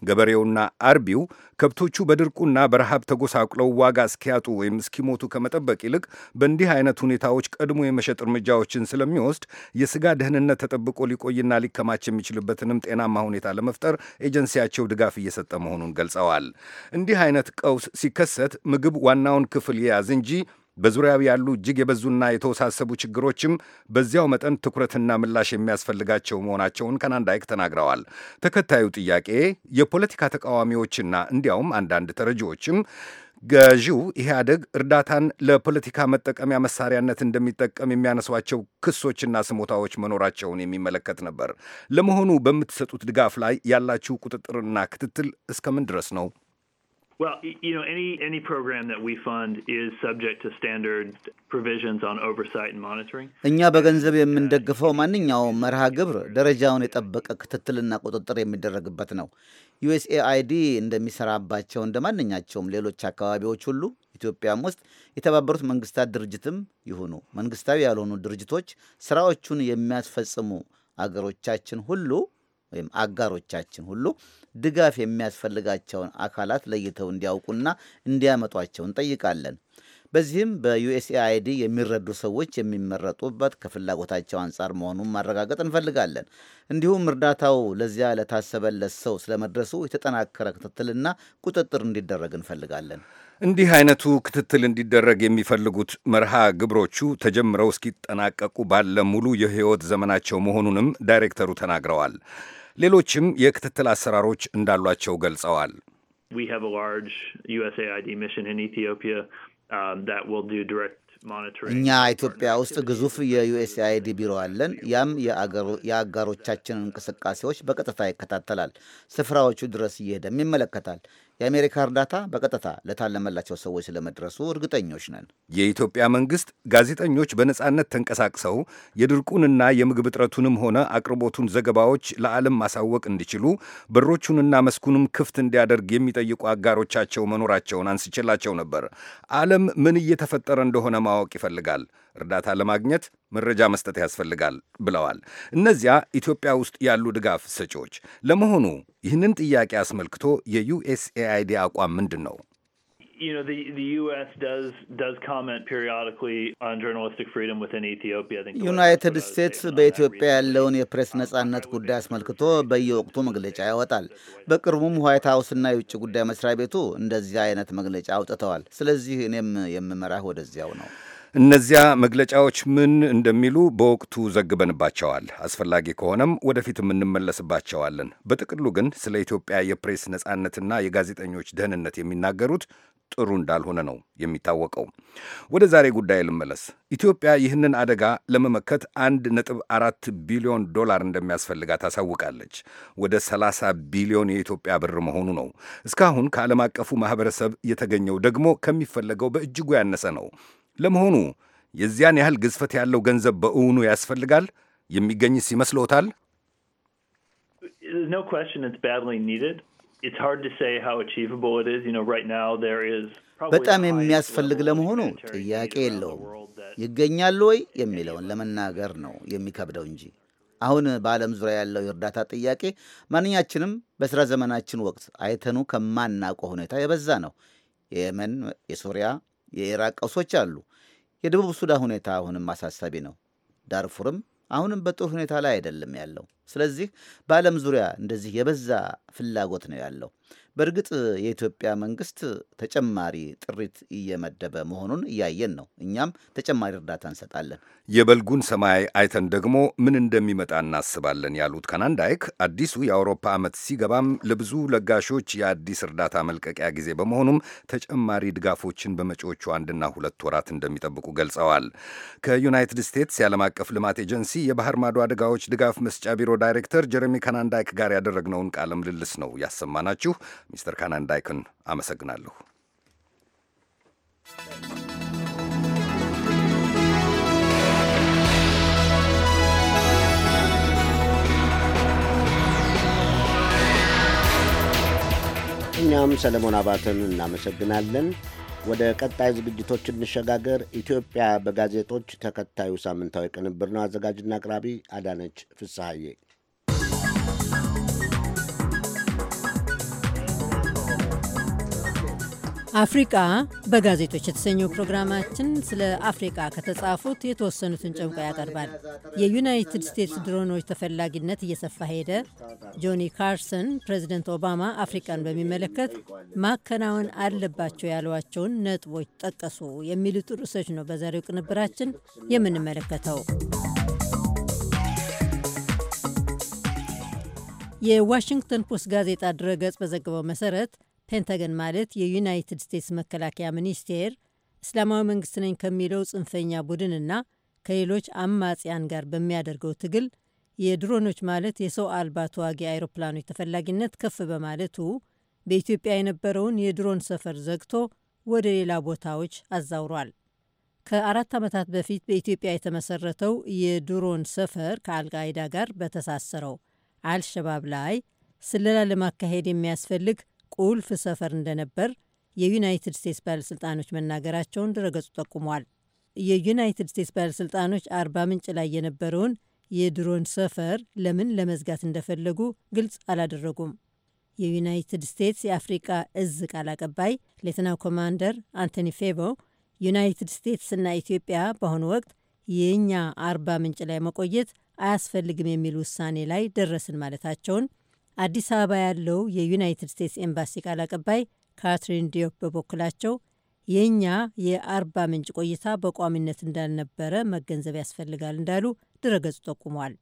ገበሬውና አርቢው ከብቶቹ በድርቁና በረሃብ ተጎሳቅለው ዋጋ እስኪያጡ ወይም እስኪሞቱ ከመጠበቅ ይልቅ በእንዲህ አይነት ሁኔታዎች ቀድሞ የመሸጥ እርምጃዎችን ስለሚወስድ የስጋ ደህንነት ተጠብቆ ሊቆይና ሊከማች የሚችልበትንም ጤናማ ሁኔታ ለመፍጠር ኤጀንሲያቸው ድጋፍ እየሰጠ መሆኑን ገልጸዋል። እንዲህ አይነት ቀውስ ሲከሰት ምግብ ዋናውን ክፍል የያዝ እንጂ በዙሪያው ያሉ እጅግ የበዙና የተወሳሰቡ ችግሮችም በዚያው መጠን ትኩረትና ምላሽ የሚያስፈልጋቸው መሆናቸውን ከናንዳይክ ተናግረዋል። ተከታዩ ጥያቄ የፖለቲካ ተቃዋሚዎችና እንዲያውም አንዳንድ ተረጂዎችም ገዢው ኢህአደግ እርዳታን ለፖለቲካ መጠቀሚያ መሳሪያነት እንደሚጠቀም የሚያነሷቸው ክሶችና ስሞታዎች መኖራቸውን የሚመለከት ነበር። ለመሆኑ በምትሰጡት ድጋፍ ላይ ያላችሁ ቁጥጥርና ክትትል እስከምን ድረስ ነው? Well, you know, any any program that we fund is subject to standard provisions on oversight and monitoring. እኛ በገንዘብ የምንደግፈው ማንኛውም መርሃ ግብር ደረጃውን የጠበቀ ክትትልና ቁጥጥር የሚደረግበት ነው። ዩኤስኤአይዲ እንደሚሰራባቸው እንደ ማንኛቸውም ሌሎች አካባቢዎች ሁሉ ኢትዮጵያም ውስጥ የተባበሩት መንግስታት ድርጅትም ይሁኑ መንግስታዊ ያልሆኑ ድርጅቶች ስራዎቹን የሚያስፈጽሙ አገሮቻችን ሁሉ ወይም አጋሮቻችን ሁሉ ድጋፍ የሚያስፈልጋቸውን አካላት ለይተው እንዲያውቁና እንዲያመጧቸው እንጠይቃለን። በዚህም በዩኤስኤአይዲ የሚረዱ ሰዎች የሚመረጡበት ከፍላጎታቸው አንጻር መሆኑን ማረጋገጥ እንፈልጋለን። እንዲሁም እርዳታው ለዚያ ለታሰበለት ሰው ስለመድረሱ የተጠናከረ ክትትልና ቁጥጥር እንዲደረግ እንፈልጋለን። እንዲህ አይነቱ ክትትል እንዲደረግ የሚፈልጉት መርሃ ግብሮቹ ተጀምረው እስኪጠናቀቁ ባለ ሙሉ የሕይወት ዘመናቸው መሆኑንም ዳይሬክተሩ ተናግረዋል። ሌሎችም የክትትል አሰራሮች እንዳሏቸው ገልጸዋል። um, እኛ ኢትዮጵያ ውስጥ ግዙፍ የዩኤስኤአይዲ ቢሮ አለን። ያም የአጋሮቻችንን እንቅስቃሴዎች በቀጥታ ይከታተላል፣ ስፍራዎቹ ድረስ እየሄደም ይመለከታል። የአሜሪካ እርዳታ በቀጥታ ለታለመላቸው ሰዎች ስለመድረሱ እርግጠኞች ነን። የኢትዮጵያ መንግስት ጋዜጠኞች በነጻነት ተንቀሳቅሰው የድርቁንና የምግብ እጥረቱንም ሆነ አቅርቦቱን ዘገባዎች ለዓለም ማሳወቅ እንዲችሉ በሮቹንና መስኩንም ክፍት እንዲያደርግ የሚጠይቁ አጋሮቻቸው መኖራቸውን አንስችላቸው ነበር። ዓለም ምን እየተፈጠረ እንደሆነ ማወቅ ይፈልጋል። እርዳታ ለማግኘት መረጃ መስጠት ያስፈልጋል ብለዋል። እነዚያ ኢትዮጵያ ውስጥ ያሉ ድጋፍ ሰጪዎች። ለመሆኑ ይህንን ጥያቄ አስመልክቶ የዩኤስኤአይዲ አቋም ምንድን ነው? ዩናይትድ ስቴትስ በኢትዮጵያ ያለውን የፕሬስ ነጻነት ጉዳይ አስመልክቶ በየወቅቱ መግለጫ ያወጣል። በቅርቡም ዋይት ሀውስና የውጭ ጉዳይ መስሪያ ቤቱ እንደዚህ አይነት መግለጫ አውጥተዋል። ስለዚህ እኔም የምመራህ ወደዚያው ነው። እነዚያ መግለጫዎች ምን እንደሚሉ በወቅቱ ዘግበንባቸዋል። አስፈላጊ ከሆነም ወደፊት እንመለስባቸዋለን። በጥቅሉ ግን ስለ ኢትዮጵያ የፕሬስ ነጻነትና የጋዜጠኞች ደህንነት የሚናገሩት ጥሩ እንዳልሆነ ነው የሚታወቀው። ወደ ዛሬ ጉዳይ ልመለስ። ኢትዮጵያ ይህንን አደጋ ለመመከት አንድ ነጥብ አራት ቢሊዮን ዶላር እንደሚያስፈልጋ ታሳውቃለች። ወደ 30 ቢሊዮን የኢትዮጵያ ብር መሆኑ ነው። እስካሁን ከዓለም አቀፉ ማህበረሰብ የተገኘው ደግሞ ከሚፈለገው በእጅጉ ያነሰ ነው። ለመሆኑ የዚያን ያህል ግዝፈት ያለው ገንዘብ በእውኑ ያስፈልጋል? የሚገኝስ ይመስልዎታል? በጣም የሚያስፈልግ ለመሆኑ ጥያቄ የለውም። ይገኛሉ ወይ የሚለውን ለመናገር ነው የሚከብደው እንጂ አሁን በዓለም ዙሪያ ያለው የእርዳታ ጥያቄ ማንኛችንም በሥራ ዘመናችን ወቅት አይተኑ ከማናውቀው ሁኔታ የበዛ ነው። የየመን፣ የሶሪያ፣ የኢራቅ ቀውሶች አሉ። የደቡብ ሱዳን ሁኔታ አሁንም አሳሳቢ ነው። ዳርፉርም አሁንም በጥሩ ሁኔታ ላይ አይደለም ያለው። ስለዚህ በዓለም ዙሪያ እንደዚህ የበዛ ፍላጎት ነው ያለው። በእርግጥ የኢትዮጵያ መንግስት ተጨማሪ ጥሪት እየመደበ መሆኑን እያየን ነው። እኛም ተጨማሪ እርዳታ እንሰጣለን። የበልጉን ሰማይ አይተን ደግሞ ምን እንደሚመጣ እናስባለን ያሉት አይክ አዲሱ የአውሮፓ ዓመት ሲገባም ለብዙ ለጋሾች የአዲስ እርዳታ መልቀቂያ ጊዜ በመሆኑም ተጨማሪ ድጋፎችን በመጪዎቹ አንድና ሁለት ወራት እንደሚጠብቁ ገልጸዋል። ከዩናይትድ ስቴትስ የዓለም አቀፍ ልማት ኤጀንሲ የባህር ማዶ አደጋዎች ድጋፍ መስጫ ቢሮ ዳይሬክተር ጀረሚ ካናንዳይክ ጋር ያደረግነውን ቃለ ምልልስ ነው ያሰማናችሁ። ሚስተር ካናንዳይክን አመሰግናለሁ። እኛም ሰለሞን አባተን እናመሰግናለን። ወደ ቀጣይ ዝግጅቶች እንሸጋገር። ኢትዮጵያ በጋዜጦች ተከታዩ ሳምንታዊ ቅንብር ነው። አዘጋጅና አቅራቢ አዳነች ፍስሐዬ አፍሪቃ በጋዜጦች የተሰኘው ፕሮግራማችን ስለ አፍሪቃ ከተጻፉት የተወሰኑትን ጨምቆ ያቀርባል። የዩናይትድ ስቴትስ ድሮኖች ተፈላጊነት እየሰፋ ሄደ፣ ጆኒ ካርሰን ፕሬዚደንት ኦባማ አፍሪቃን በሚመለከት ማከናወን አለባቸው ያሏቸውን ነጥቦች ጠቀሱ፣ የሚሉት ርዕሶች ነው በዛሬው ቅንብራችን የምንመለከተው። የዋሽንግተን ፖስት ጋዜጣ ድረገጽ በዘገበው መሰረት ፔንታገን ማለት የዩናይትድ ስቴትስ መከላከያ ሚኒስቴር እስላማዊ መንግስት ነኝ ከሚለው ጽንፈኛ ቡድንና ከሌሎች አማጽያን ጋር በሚያደርገው ትግል የድሮኖች ማለት የሰው አልባ ተዋጊ አይሮፕላኖች ተፈላጊነት ከፍ በማለቱ በኢትዮጵያ የነበረውን የድሮን ሰፈር ዘግቶ ወደ ሌላ ቦታዎች አዛውሯል። ከአራት ዓመታት በፊት በኢትዮጵያ የተመሰረተው የድሮን ሰፈር ከአልቃይዳ ጋር በተሳሰረው አልሸባብ ላይ ስለላ ለማካሄድ የሚያስፈልግ ቁልፍ ሰፈር እንደነበር የዩናይትድ ስቴትስ ባለሥልጣኖች መናገራቸውን ድረገጹ ጠቁሟል። የዩናይትድ ስቴትስ ባለሥልጣኖች አርባ ምንጭ ላይ የነበረውን የድሮን ሰፈር ለምን ለመዝጋት እንደፈለጉ ግልጽ አላደረጉም። የዩናይትድ ስቴትስ የአፍሪቃ እዝ ቃል አቀባይ ሌተና ኮማንደር አንቶኒ ፌቦ ዩናይትድ ና ኢትዮጵያ በአሁኑ ወቅት የእኛ አርባ ምንጭ ላይ መቆየት አያስፈልግም የሚል ውሳኔ ላይ ደረስን ማለታቸውን አዲስ አበባ ያለው የዩናይትድ ስቴትስ ኤምባሲ ቃል አቀባይ ካትሪን ዲዮክ በበኩላቸው የእኛ የአርባ ምንጭ ቆይታ በቋሚነት እንዳልነበረ መገንዘብ ያስፈልጋል እንዳሉ ድረገጹ ጠቁሟል።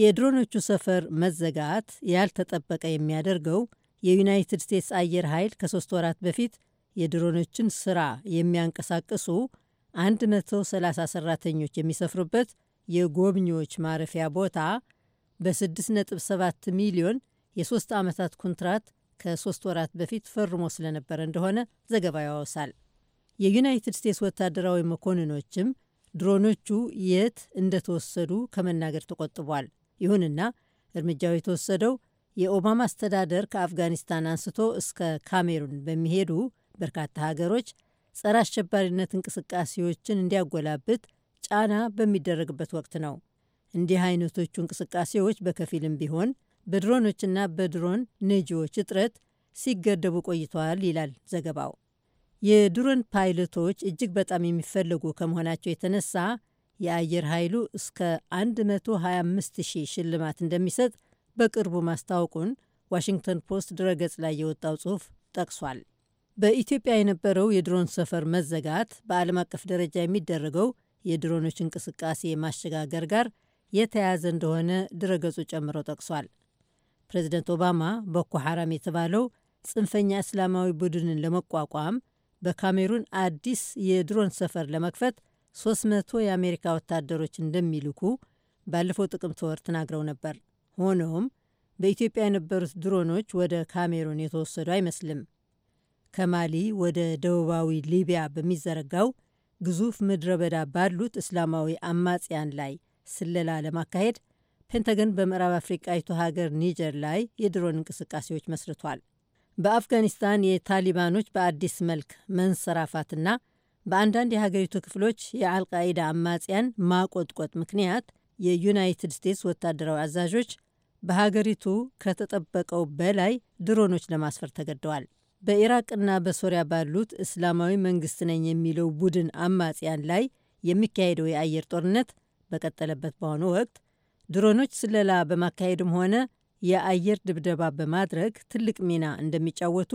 የድሮኖቹ ሰፈር መዘጋት ያልተጠበቀ የሚያደርገው የዩናይትድ ስቴትስ አየር ኃይል ከሶስት ወራት በፊት የድሮኖችን ስራ የሚያንቀሳቅሱ 130 ሰራተኞች የሚሰፍሩበት የጎብኚዎች ማረፊያ ቦታ በ6.7 ሚሊዮን የሶስት ዓመታት ኮንትራት ከሶስት ወራት በፊት ፈርሞ ስለነበረ እንደሆነ ዘገባ ያወሳል። የዩናይትድ ስቴትስ ወታደራዊ መኮንኖችም ድሮኖቹ የት እንደተወሰዱ ከመናገር ተቆጥቧል። ይሁንና እርምጃው የተወሰደው የኦባማ አስተዳደር ከአፍጋኒስታን አንስቶ እስከ ካሜሩን በሚሄዱ በርካታ ሀገሮች ጸረ አሸባሪነት እንቅስቃሴዎችን እንዲያጎላብት ጫና በሚደረግበት ወቅት ነው። እንዲህ አይነቶቹ እንቅስቃሴዎች በከፊልም ቢሆን በድሮኖችና በድሮን ነጂዎች እጥረት ሲገደቡ ቆይተዋል ይላል ዘገባው። የድሮን ፓይለቶች እጅግ በጣም የሚፈለጉ ከመሆናቸው የተነሳ የአየር ኃይሉ እስከ 125000 ሽልማት እንደሚሰጥ በቅርቡ ማስታወቁን ዋሽንግተን ፖስት ድረገጽ ላይ የወጣው ጽሑፍ ጠቅሷል። በኢትዮጵያ የነበረው የድሮን ሰፈር መዘጋት በዓለም አቀፍ ደረጃ የሚደረገው የድሮኖች እንቅስቃሴ ማሸጋገር ጋር የተያያዘ እንደሆነ ድረገጹ ጨምሮ ጠቅሷል። ፕሬዚደንት ኦባማ ቦኮ ሐራም የተባለው ጽንፈኛ እስላማዊ ቡድንን ለመቋቋም በካሜሩን አዲስ የድሮን ሰፈር ለመክፈት 300 የአሜሪካ ወታደሮች እንደሚልኩ ባለፈው ጥቅምት ወር ተናግረው ነበር። ሆኖም በኢትዮጵያ የነበሩት ድሮኖች ወደ ካሜሩን የተወሰዱ አይመስልም። ከማሊ ወደ ደቡባዊ ሊቢያ በሚዘረጋው ግዙፍ ምድረ በዳ ባሉት እስላማዊ አማጽያን ላይ ስለላ ለማካሄድ ፔንታገን በምዕራብ አፍሪቃዊቱ ሀገር ኒጀር ላይ የድሮን እንቅስቃሴዎች መስርቷል። በአፍጋኒስታን የታሊባኖች በአዲስ መልክ መንሰራፋትና በአንዳንድ የሀገሪቱ ክፍሎች የአልቃኢዳ አማጽያን ማቆጥቆጥ ምክንያት የዩናይትድ ስቴትስ ወታደራዊ አዛዦች በሀገሪቱ ከተጠበቀው በላይ ድሮኖች ለማስፈር ተገደዋል። በኢራቅና በሶሪያ ባሉት እስላማዊ መንግስት ነኝ የሚለው ቡድን አማጽያን ላይ የሚካሄደው የአየር ጦርነት በቀጠለበት በአሁኑ ወቅት ድሮኖች ስለላ በማካሄድም ሆነ የአየር ድብደባ በማድረግ ትልቅ ሚና እንደሚጫወቱ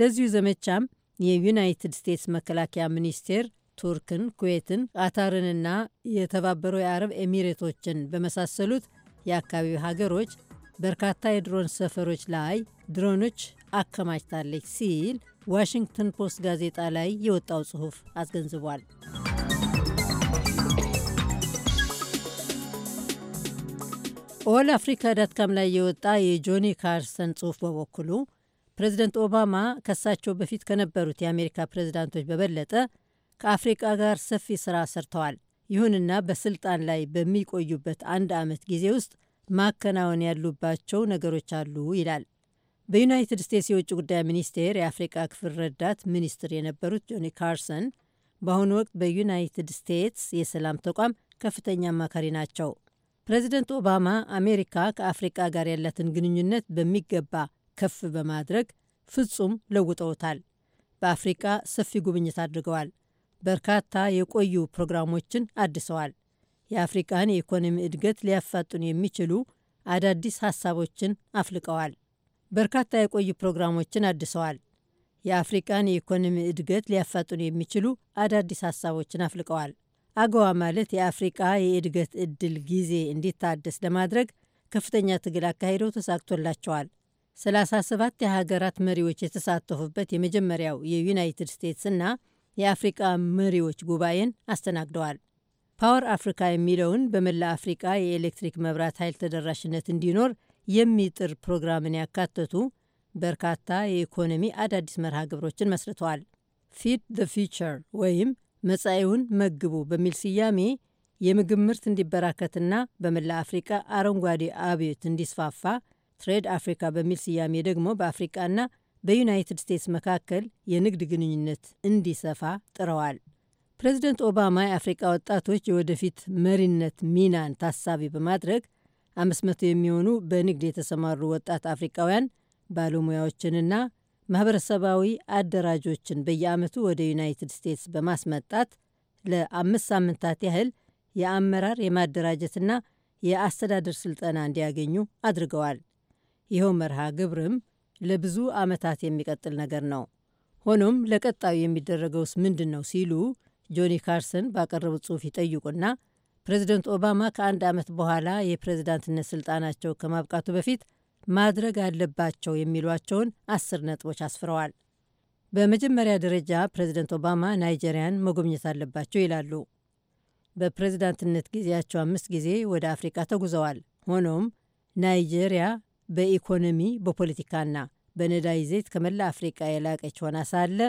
ለዚሁ ዘመቻም የዩናይትድ ስቴትስ መከላከያ ሚኒስቴር ቱርክን፣ ኩዌትን፣ ቃታርንና የተባበሩ የአረብ ኤሚሬቶችን በመሳሰሉት የአካባቢው ሀገሮች በርካታ የድሮን ሰፈሮች ላይ ድሮኖች አከማችታለች ሲል ዋሽንግተን ፖስት ጋዜጣ ላይ የወጣው ጽሑፍ አስገንዝቧል። ኦል አፍሪካ ዳትካም ላይ የወጣ የጆኒ ካርሰን ጽሑፍ በበኩሉ ፕሬዚደንት ኦባማ ከሳቸው በፊት ከነበሩት የአሜሪካ ፕሬዚዳንቶች በበለጠ ከአፍሪቃ ጋር ሰፊ ስራ ሰርተዋል። ይሁንና በስልጣን ላይ በሚቆዩበት አንድ ዓመት ጊዜ ውስጥ ማከናወን ያሉባቸው ነገሮች አሉ ይላል። በዩናይትድ ስቴትስ የውጭ ጉዳይ ሚኒስቴር የአፍሪቃ ክፍል ረዳት ሚኒስትር የነበሩት ጆኒ ካርሰን በአሁኑ ወቅት በዩናይትድ ስቴትስ የሰላም ተቋም ከፍተኛ አማካሪ ናቸው። ፕሬዚደንት ኦባማ አሜሪካ ከአፍሪቃ ጋር ያላትን ግንኙነት በሚገባ ከፍ በማድረግ ፍጹም ለውጠውታል። በአፍሪቃ ሰፊ ጉብኝት አድርገዋል። በርካታ የቆዩ ፕሮግራሞችን አድሰዋል። የአፍሪቃን የኢኮኖሚ እድገት ሊያፋጥኑ የሚችሉ አዳዲስ ሀሳቦችን አፍልቀዋል። በርካታ የቆዩ ፕሮግራሞችን አድሰዋል። የአፍሪቃን የኢኮኖሚ እድገት ሊያፋጥኑ የሚችሉ አዳዲስ ሀሳቦችን አፍልቀዋል። አገዋ ማለት የአፍሪቃ የእድገት እድል ጊዜ እንዲታደስ ለማድረግ ከፍተኛ ትግል አካሂደው ተሳክቶላቸዋል። 37 የሀገራት መሪዎች የተሳተፉበት የመጀመሪያው የዩናይትድ ስቴትስ እና የአፍሪቃ መሪዎች ጉባኤን አስተናግደዋል። ፓወር አፍሪካ የሚለውን በመላ አፍሪቃ የኤሌክትሪክ መብራት ኃይል ተደራሽነት እንዲኖር የሚጥር ፕሮግራምን ያካተቱ በርካታ የኢኮኖሚ አዳዲስ መርሃ ግብሮችን መስርተዋል። ፊድ ዘ ወይም መጻኤውን መግቡ በሚል ስያሜ የምግብ ምርት እንዲበራከትና በመላ አፍሪካ አረንጓዴ አብዮት እንዲስፋፋ፣ ትሬድ አፍሪካ በሚል ስያሜ ደግሞ በአፍሪቃና በዩናይትድ ስቴትስ መካከል የንግድ ግንኙነት እንዲሰፋ ጥረዋል። ፕሬዚደንት ኦባማ የአፍሪቃ ወጣቶች የወደፊት መሪነት ሚናን ታሳቢ በማድረግ 500 የሚሆኑ በንግድ የተሰማሩ ወጣት አፍሪቃውያን ባለሙያዎችንና ማህበረሰባዊ አደራጆችን በየዓመቱ ወደ ዩናይትድ ስቴትስ በማስመጣት ለአምስት ሳምንታት ያህል የአመራር የማደራጀትና የአስተዳደር ስልጠና እንዲያገኙ አድርገዋል። ይኸው መርሃ ግብርም ለብዙ ዓመታት የሚቀጥል ነገር ነው። ሆኖም ለቀጣዩ የሚደረገውስ ምንድን ነው ሲሉ ጆኒ ካርሰን ባቀረቡት ጽሑፍ ይጠይቁና ፕሬዚደንት ኦባማ ከአንድ ዓመት በኋላ የፕሬዚዳንትነት ስልጣናቸው ከማብቃቱ በፊት ማድረግ አለባቸው የሚሏቸውን አስር ነጥቦች አስፍረዋል። በመጀመሪያ ደረጃ ፕሬዚደንት ኦባማ ናይጄሪያን መጎብኘት አለባቸው ይላሉ። በፕሬዝዳንትነት ጊዜያቸው አምስት ጊዜ ወደ አፍሪቃ ተጉዘዋል። ሆኖም ናይጄሪያ በኢኮኖሚ በፖለቲካና በነዳጅ ዘይት ከመላ አፍሪቃ የላቀች ሆና ሳለ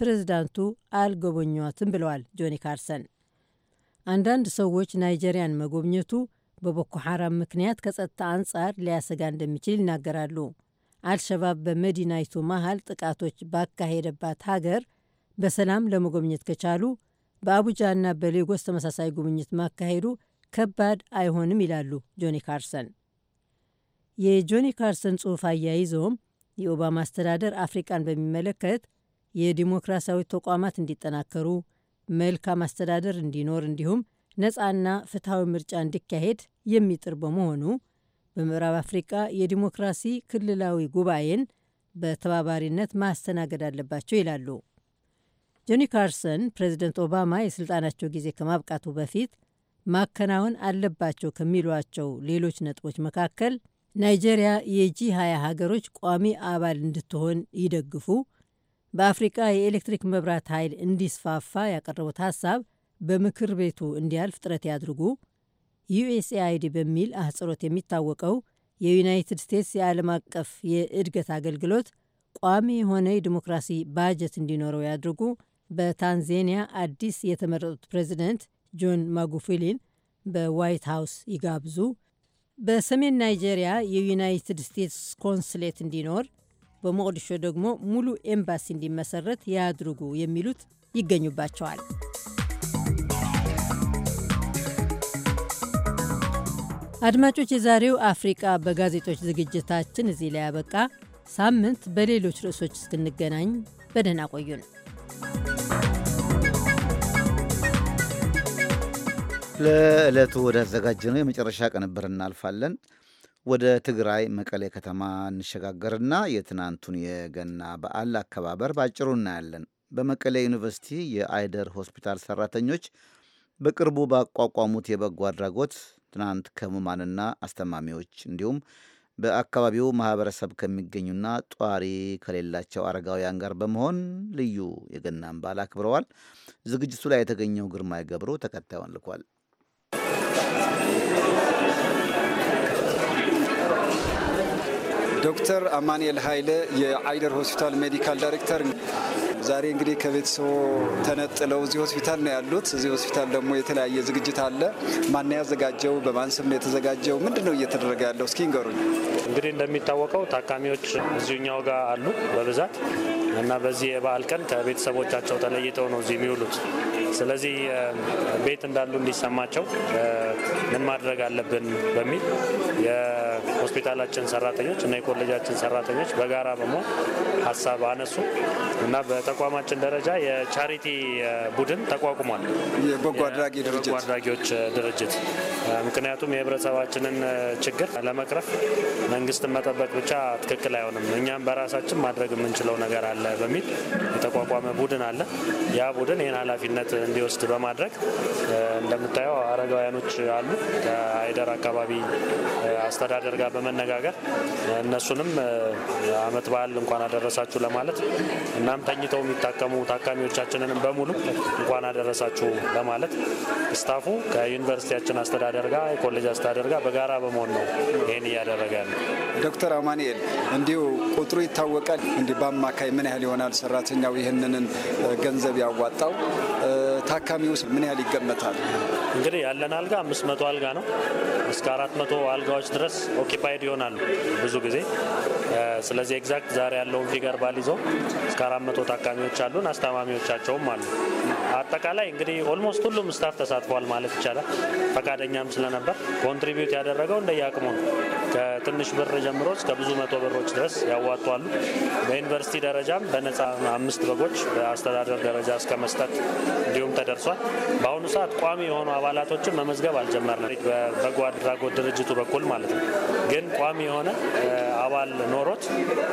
ፕሬዝዳንቱ አልጎበኟትም ብለዋል ጆኒ ካርሰን። አንዳንድ ሰዎች ናይጄሪያን መጎብኘቱ በቦኮ ሐራም ምክንያት ከጸጥታ አንጻር ሊያሰጋ እንደሚችል ይናገራሉ። አልሸባብ በመዲናይቱ መሀል ጥቃቶች ባካሄደባት ሀገር በሰላም ለመጎብኘት ከቻሉ በአቡጃና በሌጎስ ተመሳሳይ ጉብኝት ማካሄዱ ከባድ አይሆንም ይላሉ ጆኒ ካርሰን። የጆኒ ካርሰን ጽሑፍ አያይዘውም የኦባማ አስተዳደር አፍሪቃን በሚመለከት የዲሞክራሲያዊ ተቋማት እንዲጠናከሩ፣ መልካም አስተዳደር እንዲኖር እንዲሁም ነፃና ፍትሐዊ ምርጫ እንዲካሄድ የሚጥር በመሆኑ በምዕራብ አፍሪቃ የዲሞክራሲ ክልላዊ ጉባኤን በተባባሪነት ማስተናገድ አለባቸው ይላሉ። ጆኒ ካርሰን ፕሬዚደንት ኦባማ የስልጣናቸው ጊዜ ከማብቃቱ በፊት ማከናወን አለባቸው ከሚሏቸው ሌሎች ነጥቦች መካከል ናይጄሪያ የጂ 20 ሀገሮች ቋሚ አባል እንድትሆን ይደግፉ፣ በአፍሪቃ የኤሌክትሪክ መብራት ኃይል እንዲስፋፋ ያቀረቡት ሀሳብ በምክር ቤቱ እንዲያልፍ ጥረት ያድርጉ። ዩኤስኤአይዲ በሚል አህጽሮት የሚታወቀው የዩናይትድ ስቴትስ የዓለም አቀፍ የእድገት አገልግሎት ቋሚ የሆነ የዲሞክራሲ ባጀት እንዲኖረው ያድርጉ። በታንዜኒያ አዲስ የተመረጡት ፕሬዚደንት ጆን ማጉፊሊን በዋይት ሃውስ ይጋብዙ። በሰሜን ናይጄሪያ የዩናይትድ ስቴትስ ኮንስሌት እንዲኖር፣ በሞቅዲሾ ደግሞ ሙሉ ኤምባሲ እንዲመሰረት ያድርጉ የሚሉት ይገኙባቸዋል። አድማጮች፣ የዛሬው አፍሪቃ በጋዜጦች ዝግጅታችን እዚህ ላይ ያበቃ። ሳምንት በሌሎች ርዕሶች እስክንገናኝ በደህና ቆዩን። ለዕለቱ ነው የመጨረሻ ቅንብር እናልፋለን። ወደ ትግራይ መቀሌ ከተማ እንሸጋገርና የትናንቱን የገና በዓል አከባበር በአጭሩ እናያለን። በመቀሌ ዩኒቨርሲቲ የአይደር ሆስፒታል ሰራተኞች በቅርቡ ባቋቋሙት የበጎ አድራጎት ትናንት ከሙማንና አስተማሚዎች እንዲሁም በአካባቢው ማህበረሰብ ከሚገኙና ጧሪ ከሌላቸው አረጋውያን ጋር በመሆን ልዩ የገናን በዓል አክብረዋል። ዝግጅቱ ላይ የተገኘው ግርማይ ገብሮ ተከታዩን ልኳል። ዶክተር አማንኤል ኃይለ የአይደር ሆስፒታል ሜዲካል ዳይሬክተር ዛሬ እንግዲህ ከቤተሰቦ ተነጥለው እዚህ ሆስፒታል ነው ያሉት። እዚህ ሆስፒታል ደግሞ የተለያየ ዝግጅት አለ። ማን ያዘጋጀው? በማን ስም ነው የተዘጋጀው? ምንድን ነው እየተደረገ ያለው? እስኪ ንገሩኝ። እንግዲህ እንደሚታወቀው ታካሚዎች እዚሁኛው ጋር አሉ በብዛት እና በዚህ የበዓል ቀን ከቤተሰቦቻቸው ተለይተው ነው እዚህ የሚውሉት። ስለዚህ ቤት እንዳሉ እንዲሰማቸው ምን ማድረግ አለብን በሚል የሆስፒታላችን ሰራተኞች እና የኮሌጃችን ሰራተኞች በጋራ በመሆን ሀሳብ አነሱ እና በተቋማችን ደረጃ የቻሪቲ ቡድን ተቋቁሟል። የበጎ አድራጊ ድርጅት አድራጊዎች ድርጅት ምክንያቱም የህብረተሰባችንን ችግር ለመቅረፍ መንግስትን መጠበቅ ብቻ ትክክል አይሆንም፣ እኛም በራሳችን ማድረግ የምንችለው ነገር አለ በሚል የተቋቋመ ቡድን አለ። ያ ቡድን ይህን ኃላፊነት እንዲወስድ በማድረግ እንደምታየው አረጋውያኖች አሉ ከአይደር አካባቢ አስተዳደር ጋር በመነጋገር እነሱንም አመት በዓል እንኳን አደረሳችሁ ለማለት እናም ተኝተው መጥተው የሚታከሙ ታካሚዎቻችንን በሙሉ እንኳን አደረሳችሁ ለማለት ስታፉ ከዩኒቨርሲቲያችን አስተዳደር ጋር የኮሌጅ አስተዳደር ጋር በጋራ በመሆን ነው ይህን እያደረገ ነው። ዶክተር አማኑኤል እንዲሁ ቁጥሩ ይታወቃል። እንዲህ በአማካይ ምን ያህል ይሆናል ሰራተኛው ይህንን ገንዘብ ያዋጣው? ታካሚውስ ምን ያህል ይገመታል? እንግዲህ ያለን አልጋ አምስት መቶ አልጋ ነው። እስከ አራት መቶ አልጋዎች ድረስ ኦኪፓይድ ይሆናሉ ብዙ ጊዜ። ስለዚህ ኤግዛክት ዛሬ ያለውን ፊገር ባልይዘው እስከ አራት መቶ ታካሚዎች አሉን፣ አስታማሚዎቻቸውም አሉ። አጠቃላይ እንግዲህ ኦልሞስት ሁሉም ስታፍ ተሳትፏል ማለት ይቻላል። ፈቃደኛም ስለነበር ኮንትሪቢዩት ያደረገው እንደየ አቅሙ ነው። ከትንሽ ብር ጀምሮ እስከ ብዙ መቶ ብሮች ድረስ ያዋጧሉ። በዩኒቨርሲቲ ደረጃም በነፃ አምስት በጎች በአስተዳደር ደረጃ እስከ መስጠት እንዲሁም ተደርሷል። በአሁኑ ሰዓት ቋሚ የሆኑ አባላቶችን መመዝገብ አልጀመርንም፣ በበጎ አድራጎት ድርጅቱ በኩል ማለት ነው። ግን ቋሚ የሆነ አባል ኖሮት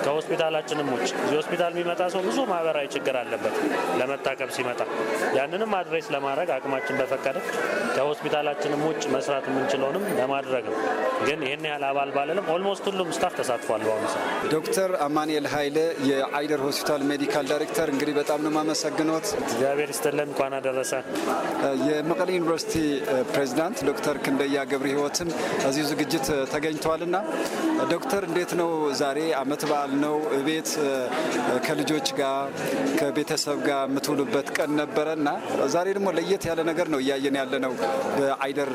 ከሆስፒታላችንም ውጭ እዚህ ሆስፒታል የሚመጣ ሰው ብዙ ማህበራዊ ችግር አለበት ለመታቀብ ሲመጣ፣ ያንንም አድሬስ ለማድረግ አቅማችን በፈቀደ ከሆስፒታላችንም ውጭ መስራት የምንችለውንም ለማድረግ ነው። ግን ይህን ያህል አባል ባለንም ኦልሞስት ሁሉም ስታፍ ተሳትፏል። በአሁኑ ሰዓት ዶክተር አማንኤል ኃይለ የአይደር ሆስፒታል ሜዲካል ዳይሬክተር፣ እንግዲህ በጣም ነው ማመሰግኖት። እግዚአብሔር ይስጥልን፣ እንኳን አደረሰ። የመቀሌ ዩኒቨርሲቲ ፕሬዚዳንት ዶክተር ክንደያ ገብረ ህይወትም እዚሁ ዝግጅት ተገኝተዋልና ዶክተር እንዴት ነው ዛሬ አመት በዓል ነው። ቤት ከልጆች ጋር ከቤተሰብ ጋር የምትውሉበት ቀን ነበረ እና ዛሬ ደግሞ ለየት ያለ ነገር ነው እያየን ያለ ነው በአይደር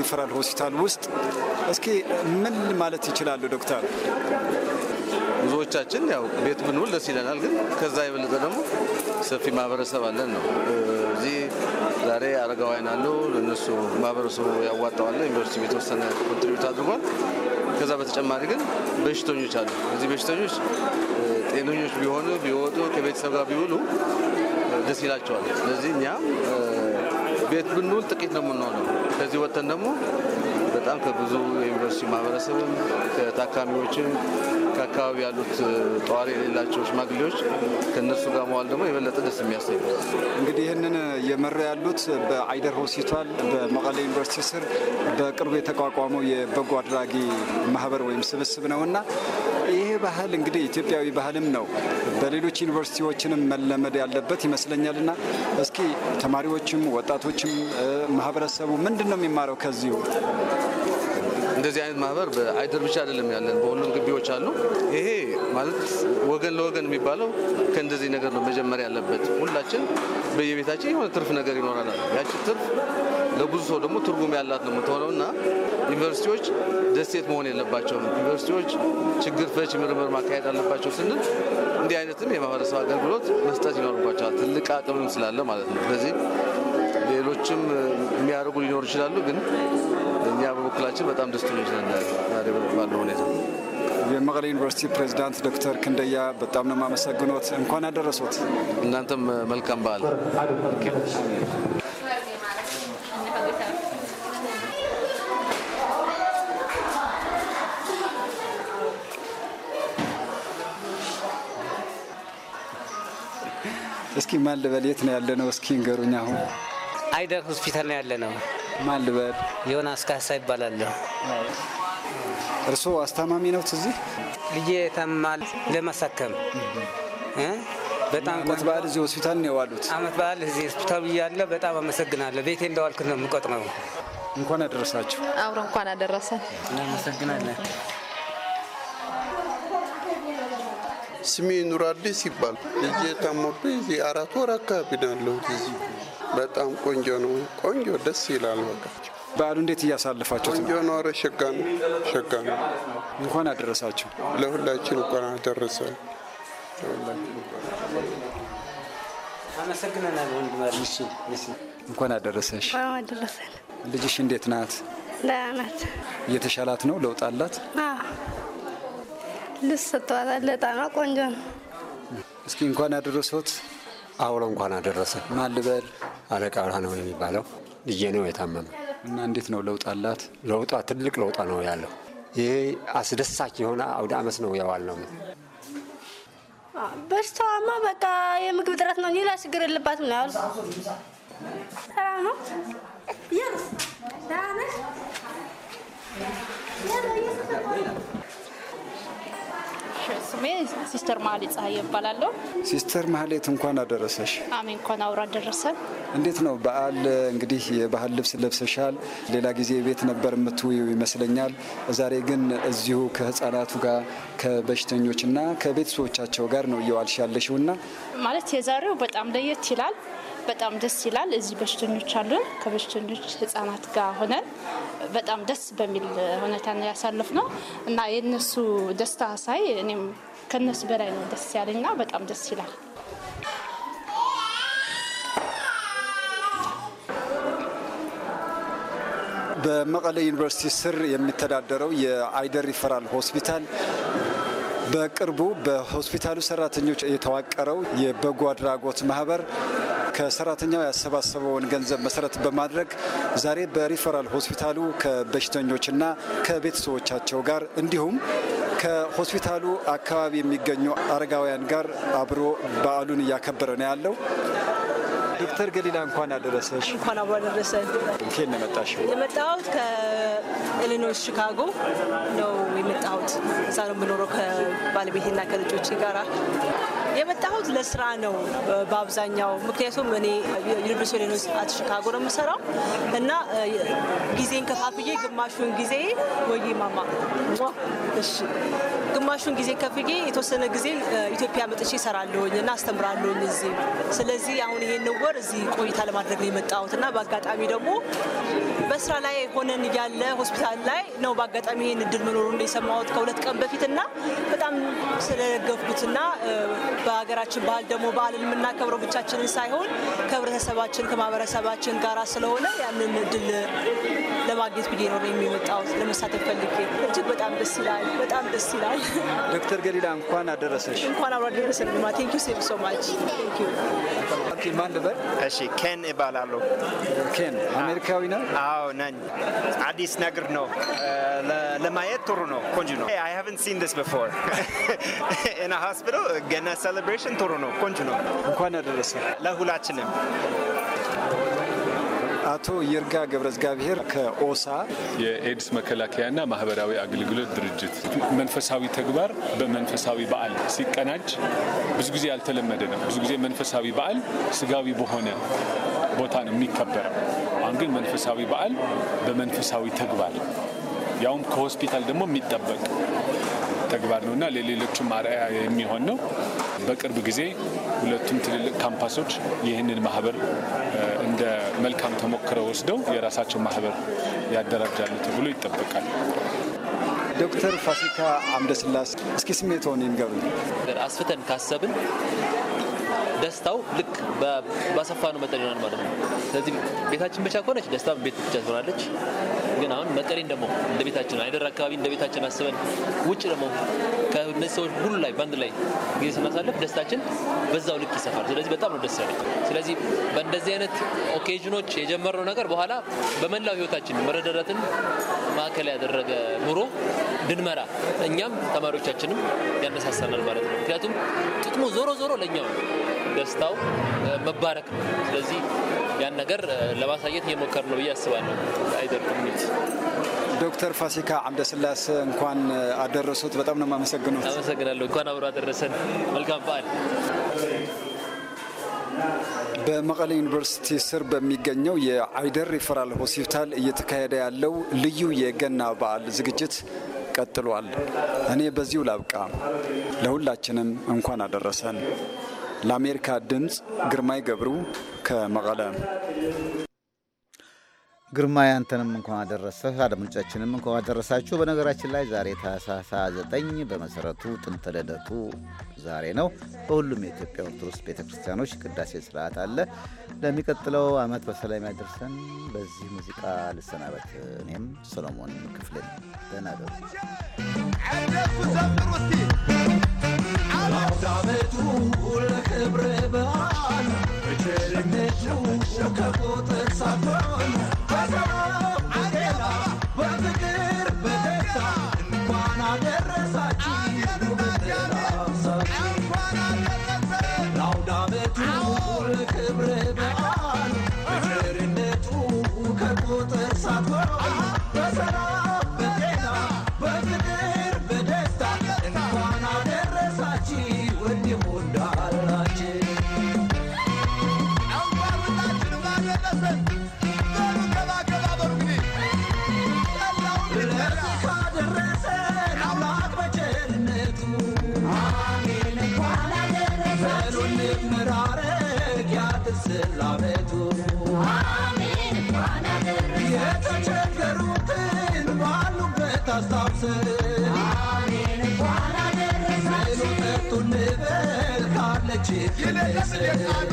ሪፈራል ሆስፒታል ውስጥ እስኪ ምን ምን ማለት ይችላሉ ዶክተር? ብዙዎቻችን ያው ቤት ብንውል ደስ ይለናል፣ ግን ከዛ የበለጠ ደግሞ ሰፊ ማህበረሰብ አለን ነው እዚህ ዛሬ አረጋውያን አሉ። ለእነሱ ማህበረሰቡ ያዋጣዋል። ዩኒቨርሲቲ የተወሰነ ኮንትሪቢዩት አድርጓል። ከዛ በተጨማሪ ግን በሽተኞች አሉ። እዚህ በሽተኞች ጤነኞች ቢሆኑ ቢወጡ ከቤተሰብ ጋር ቢውሉ ደስ ይላቸዋል። ስለዚህ እኛም ቤት ብንውል ጥቂት ነው የምንሆነው። ከዚህ ወጥተን ደግሞ በጣም ከብዙ የዩኒቨርሲቲ ማህበረሰብም ከታካሚዎችም ከአካባቢ ያሉት ጠዋሪ የሌላቸው ሽማግሌዎች ከእነሱ ጋር መዋል ደግሞ የበለጠ ደስ የሚያሳይ እንግዲህ ይህንን እየመራ ያሉት በአይደር ሆስፒታል በመቀሌ ዩኒቨርሲቲ ስር በቅርቡ የተቋቋመው የበጎ አድራጊ ማህበር ወይም ስብስብ ነው እና ይሄ ባህል እንግዲህ ኢትዮጵያዊ ባህልም ነው። በሌሎች ዩኒቨርሲቲዎችንም መለመድ ያለበት ይመስለኛል ና እስኪ ተማሪዎችም፣ ወጣቶችም ማህበረሰቡ ምንድን ነው የሚማረው ከዚሁ እንደዚህ አይነት ማህበር በአይደር ብቻ አይደለም ያለን፣ በሁሉም ግቢዎች አሉ። ይሄ ማለት ወገን ለወገን የሚባለው ከእንደዚህ ነገር ነው መጀመሪያ ያለበት። ሁላችን በየቤታችን የሆነ ትርፍ ነገር ይኖራል። ያቺ ትርፍ ለብዙ ሰው ደግሞ ትርጉም ያላት ነው የምትሆነው እና ዩኒቨርሲቲዎች ደሴት መሆን የለባቸውም። ዩኒቨርሲቲዎች ችግር ፈች ምርምር ማካሄድ አለባቸው ስንል እንዲህ አይነትም የማህበረሰብ አገልግሎት መስጠት ይኖርባቸዋል። ትልቅ አቅምም ስላለ ማለት ነው። ስለዚህ ሌሎችም የሚያደርጉ ሊኖሩ ይችላሉ ግን እኛ በበኩላችን በጣም ደስተኞች ነን ባለው ሁኔታ። የመቀሌ ዩኒቨርሲቲ ፕሬዚዳንት ዶክተር ክንደያ በጣም ነው የማመሰግኖት። እንኳን ያደረሱት። እናንተም መልካም በዓል። እስኪ ማን ልበል? የት ነው ያለነው? እስኪ እንገሩኝ። አሁን አይደር ሆስፒታል ነው ያለነው። ማን ልበል? ዮናስ ካሳ ይባላለሁ። እርስዎ አስታማሚ ነው? እዚህ ልጄ ታማል ለመሰከም በጣም አመት በዓል እዚህ ሆስፒታል ነው የዋሉት። አመት በዓል እዚህ ሆስፒታል እያለ በጣም አመሰግናለሁ። ቤቴ እንደዋልክ ነው የምቆጥረው። እንኳን አደረሳችሁ። አብሮ እንኳን አደረሰን። እናመሰግናለን። ስሜ ኑር አዲስ ይባል። ልጄ ታሞብኝ እዚህ አራት ወር አካባቢ ነው ያለሁት እዚህ በጣም ቆንጆ ነው። ቆንጆ ደስ ይላል። በቃ በዓሉ እንዴት እያሳልፋቸው? ቆንጆ ኖረ። ሸጋ ነው፣ ሸጋ ነው። እንኳን አደረሳችሁ። ለሁላችን እንኳን አደረሰ። እንኳን አደረሰሽ። አደረሰን። ልጅሽ እንዴት ናት? ናት። እየተሻላት ነው? ለውጥ አላት? ልስ ሰጥተዋታል። በጣም ቆንጆ ነው። እስኪ እንኳን ያደረሰት አውሎ እንኳን አደረሰ ማልበል አለቃ ብርሃን ነው የሚባለው ልጄ ነው የታመመ እና እንዴት ነው ለውጥ አላት? ለውጧ ትልቅ ለውጣ ነው ያለው። ይሄ አስደሳች የሆነ አውደ አመት ነው የዋል ነው። በስተዋማ በቃ የምግብ ጥረት ነው፣ ሌላ ችግር የለባትም ነው ያሉ። ሰላም ነው ስሜ ሲስተር መሀሌ ፀሐይ ይባላለሁ። ሲስተር መሀሌት እንኳን አደረሰሽ። አሜን። እንኳን አውራ አደረሰን እንዴት ነው በዓል? እንግዲህ የባህል ልብስ ለብሰሻል። ሌላ ጊዜ ቤት ነበር የምትውዩ ይመስለኛል። ዛሬ ግን እዚሁ ከህጻናቱ ጋር ከበሽተኞችና ከቤተሰቦቻቸው ጋር ነው እየዋልሽ ያለሽው እና ማለት የዛሬው በጣም ለየት ይላል። በጣም ደስ ይላል። እዚህ በሽተኞች አሉን። ከበሽተኞች ህጻናት ጋር ሆነን በጣም ደስ በሚል ሁኔታ ነው ያሳለፍ ነው እና የእነሱ ደስታ ሳይ እኔም ከነሱ በላይ ነው ደስ ያለኝና በጣም ደስ ይላል። በመቀለ ዩኒቨርሲቲ ስር የሚተዳደረው የአይደር ሪፈራል ሆስፒታል በቅርቡ በሆስፒታሉ ሰራተኞች የተዋቀረው የበጎ አድራጎት ማህበር ከሰራተኛው ያሰባሰበውን ገንዘብ መሰረት በማድረግ ዛሬ በሪፈራል ሆስፒታሉ ከበሽተኞችና ከቤተሰቦቻቸው ጋር እንዲሁም ከሆስፒታሉ አካባቢ የሚገኙ አረጋውያን ጋር አብሮ በዓሉን እያከበረ ነው ያለው። ዶክተር ገሊላ እንኳን አደረሰሽ። እንኳን አብሮ አደረሰ። ኬ ነው የመጣሁት ከኢሊኖይስ ቺካጎ ነው የመጣሁት። እዛ ነው የምኖረው ከባለቤቴና ከልጆቼ ጋራ የመጣሁት ለስራ ነው በአብዛኛው። ምክንያቱም እኔ ዩኒቨርሲቲ ሌኖስ አት ሺካጎ ነው የምሰራው እና ጊዜን ከፋፍዬ ግማሹን ጊዜ ወይ ማማ እሺ ግማሹን ጊዜ ከፍዬ የተወሰነ ጊዜ ኢትዮጵያ መጥቼ እሰራለሁኝ እና አስተምራለሁኝ እዚህ። ስለዚህ አሁን ይሄን ወር እዚህ ቆይታ ለማድረግ ነው የመጣሁት እና በአጋጣሚ ደግሞ በስራ ላይ ሆነን እያለ ሆስፒታል ላይ ነው በአጋጣሚ ይህን እድል መኖሩን የሰማሁት ከሁለት ቀን በፊት እና በጣም ስለደገፍኩትና በሀገራችን ባህል ደግሞ በዓልን የምናከብረው ብቻችንን ሳይሆን ከህብረተሰባችን ከማህበረሰባችን ጋራ ስለሆነ ያንን እድል ለማግኘት ብዬ ነው የሚመጣው ለመሳተፍ ፈልጌ። እጅግ በጣም ደስ ይላል፣ በጣም ደስ ይላል። ዶክተር ገሊላ እንኳን አደረሰሽ። እንኳን አብሮ አደረሰን። ልማ ቴንክ ዩ ሶ ማች ማን ልበል? እሺ፣ ኬን እባላለሁ። ኬን አሜሪካዊ ነው? አዎ ነኝ። አዲስ ነገር ነው ለማየት ጥሩ ነው፣ ቆንጆ ነው። አይ ሲን ዲስ ቢፎር ኢን ሆስፒታል ገነሰ ሴሌብሬሽን ጥሩ ነው፣ ቆንጆ ነው። እንኳን ያደረሰ ለሁላችንም። አቶ ይርጋ ገብረ እግዚአብሔር ከኦሳ የኤድስ መከላከያና ማህበራዊ አገልግሎት ድርጅት። መንፈሳዊ ተግባር በመንፈሳዊ በዓል ሲቀናጅ ብዙ ጊዜ ያልተለመደ ነው። ብዙ ጊዜ መንፈሳዊ በዓል ስጋዊ በሆነ ቦታ ነው የሚከበረው። አሁን ግን መንፈሳዊ በዓል በመንፈሳዊ ተግባር ያውም ከሆስፒታል ደግሞ የሚጠበቅ ተግባር ነው እና ለሌሎችም አርአያ የሚሆን ነው። በቅርብ ጊዜ ሁለቱም ትልልቅ ካምፓሶች ይህንን ማህበር እንደ መልካም ተሞክረው ወስደው የራሳቸው ማህበር ያደራጃሉ ተብሎ ይጠበቃል። ዶክተር ፋሲካ አምደስላሴ እስኪ ስሜት ሆን አስፍተን ካሰብን ደስታው ልክ ባሰፋ ነው መጠን ይሆናል ማለት ነው። ስለዚህ ቤታችን ብቻ ከሆነች ደስታ ቤት ብቻ ትሆናለች። ግን አሁን መቀሌን ደግሞ እንደ ቤታችን አይደር አካባቢ እንደ ቤታችን አስበን ውጭ ደግሞ ከእነዚህ ሰዎች ሁሉ ላይ በአንድ ላይ ጊዜ ስናሳልፍ ደስታችን በዛው ልክ ይሰፋል። ስለዚህ በጣም ነው ደስ ያለ። ስለዚህ በእንደዚህ አይነት ኦኬዥኖች የጀመርነው ነገር በኋላ በመላው ህይወታችን መረዳዳትን ማዕከል ያደረገ ኑሮ ድንመራ እኛም ተማሪዎቻችንም ያነሳሳናል ማለት ነው። ምክንያቱም ጥቅሙ ዞሮ ዞሮ ለእኛው ደስታው መባረክ ነው። ስለዚህ ያን ነገር ለማሳየት እየሞከር ነው ብዬ አስባለሁ። አይደር ኮሚኒቲ ዶክተር ፋሲካ አምደስላሴ እንኳን አደረሱት። በጣም ነው የማመሰግነው። አመሰግናለሁ። እንኳን አብሮ አደረሰን። መልካም በዓል። በመቀሌ ዩኒቨርሲቲ ስር በሚገኘው የአይደር ሪፈራል ሆስፒታል እየተካሄደ ያለው ልዩ የገና በዓል ዝግጅት ቀጥሏል። እኔ በዚሁ ላብቃ። ለሁላችንም እንኳን አደረሰን። ለአሜሪካ ድምፅ ግርማይ ገብሩ ከመቀለ። ግርማ ያንተንም እንኳን አደረሰህ፣ አድማጮቻችንም እንኳን አደረሳችሁ። በነገራችን ላይ ዛሬ ታህሳስ 29 በመሰረቱ ጥንተ ልደቱ ዛሬ ነው። በሁሉም የኢትዮጵያ ኦርቶዶክስ ቤተ ክርስቲያኖች ቅዳሴ ስርዓት አለ። ለሚቀጥለው ዓመት በሰላም ያደርሰን። በዚህ ሙዚቃ ልሰናበት። እኔም ሰሎሞን ክፍሌ ደህና አራት ዓመቱ ለክብረ በዓል በቸርነቱ ይለየስልን አሉ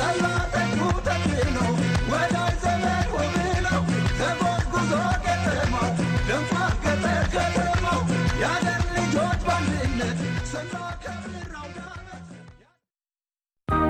ሰላተኙ ተኪነው ወዳይ ዘመን ውብነው ተጓጉዞ ከተማው ደንፋ ከተከተማው ያለን ልጆች ባንድነት ስና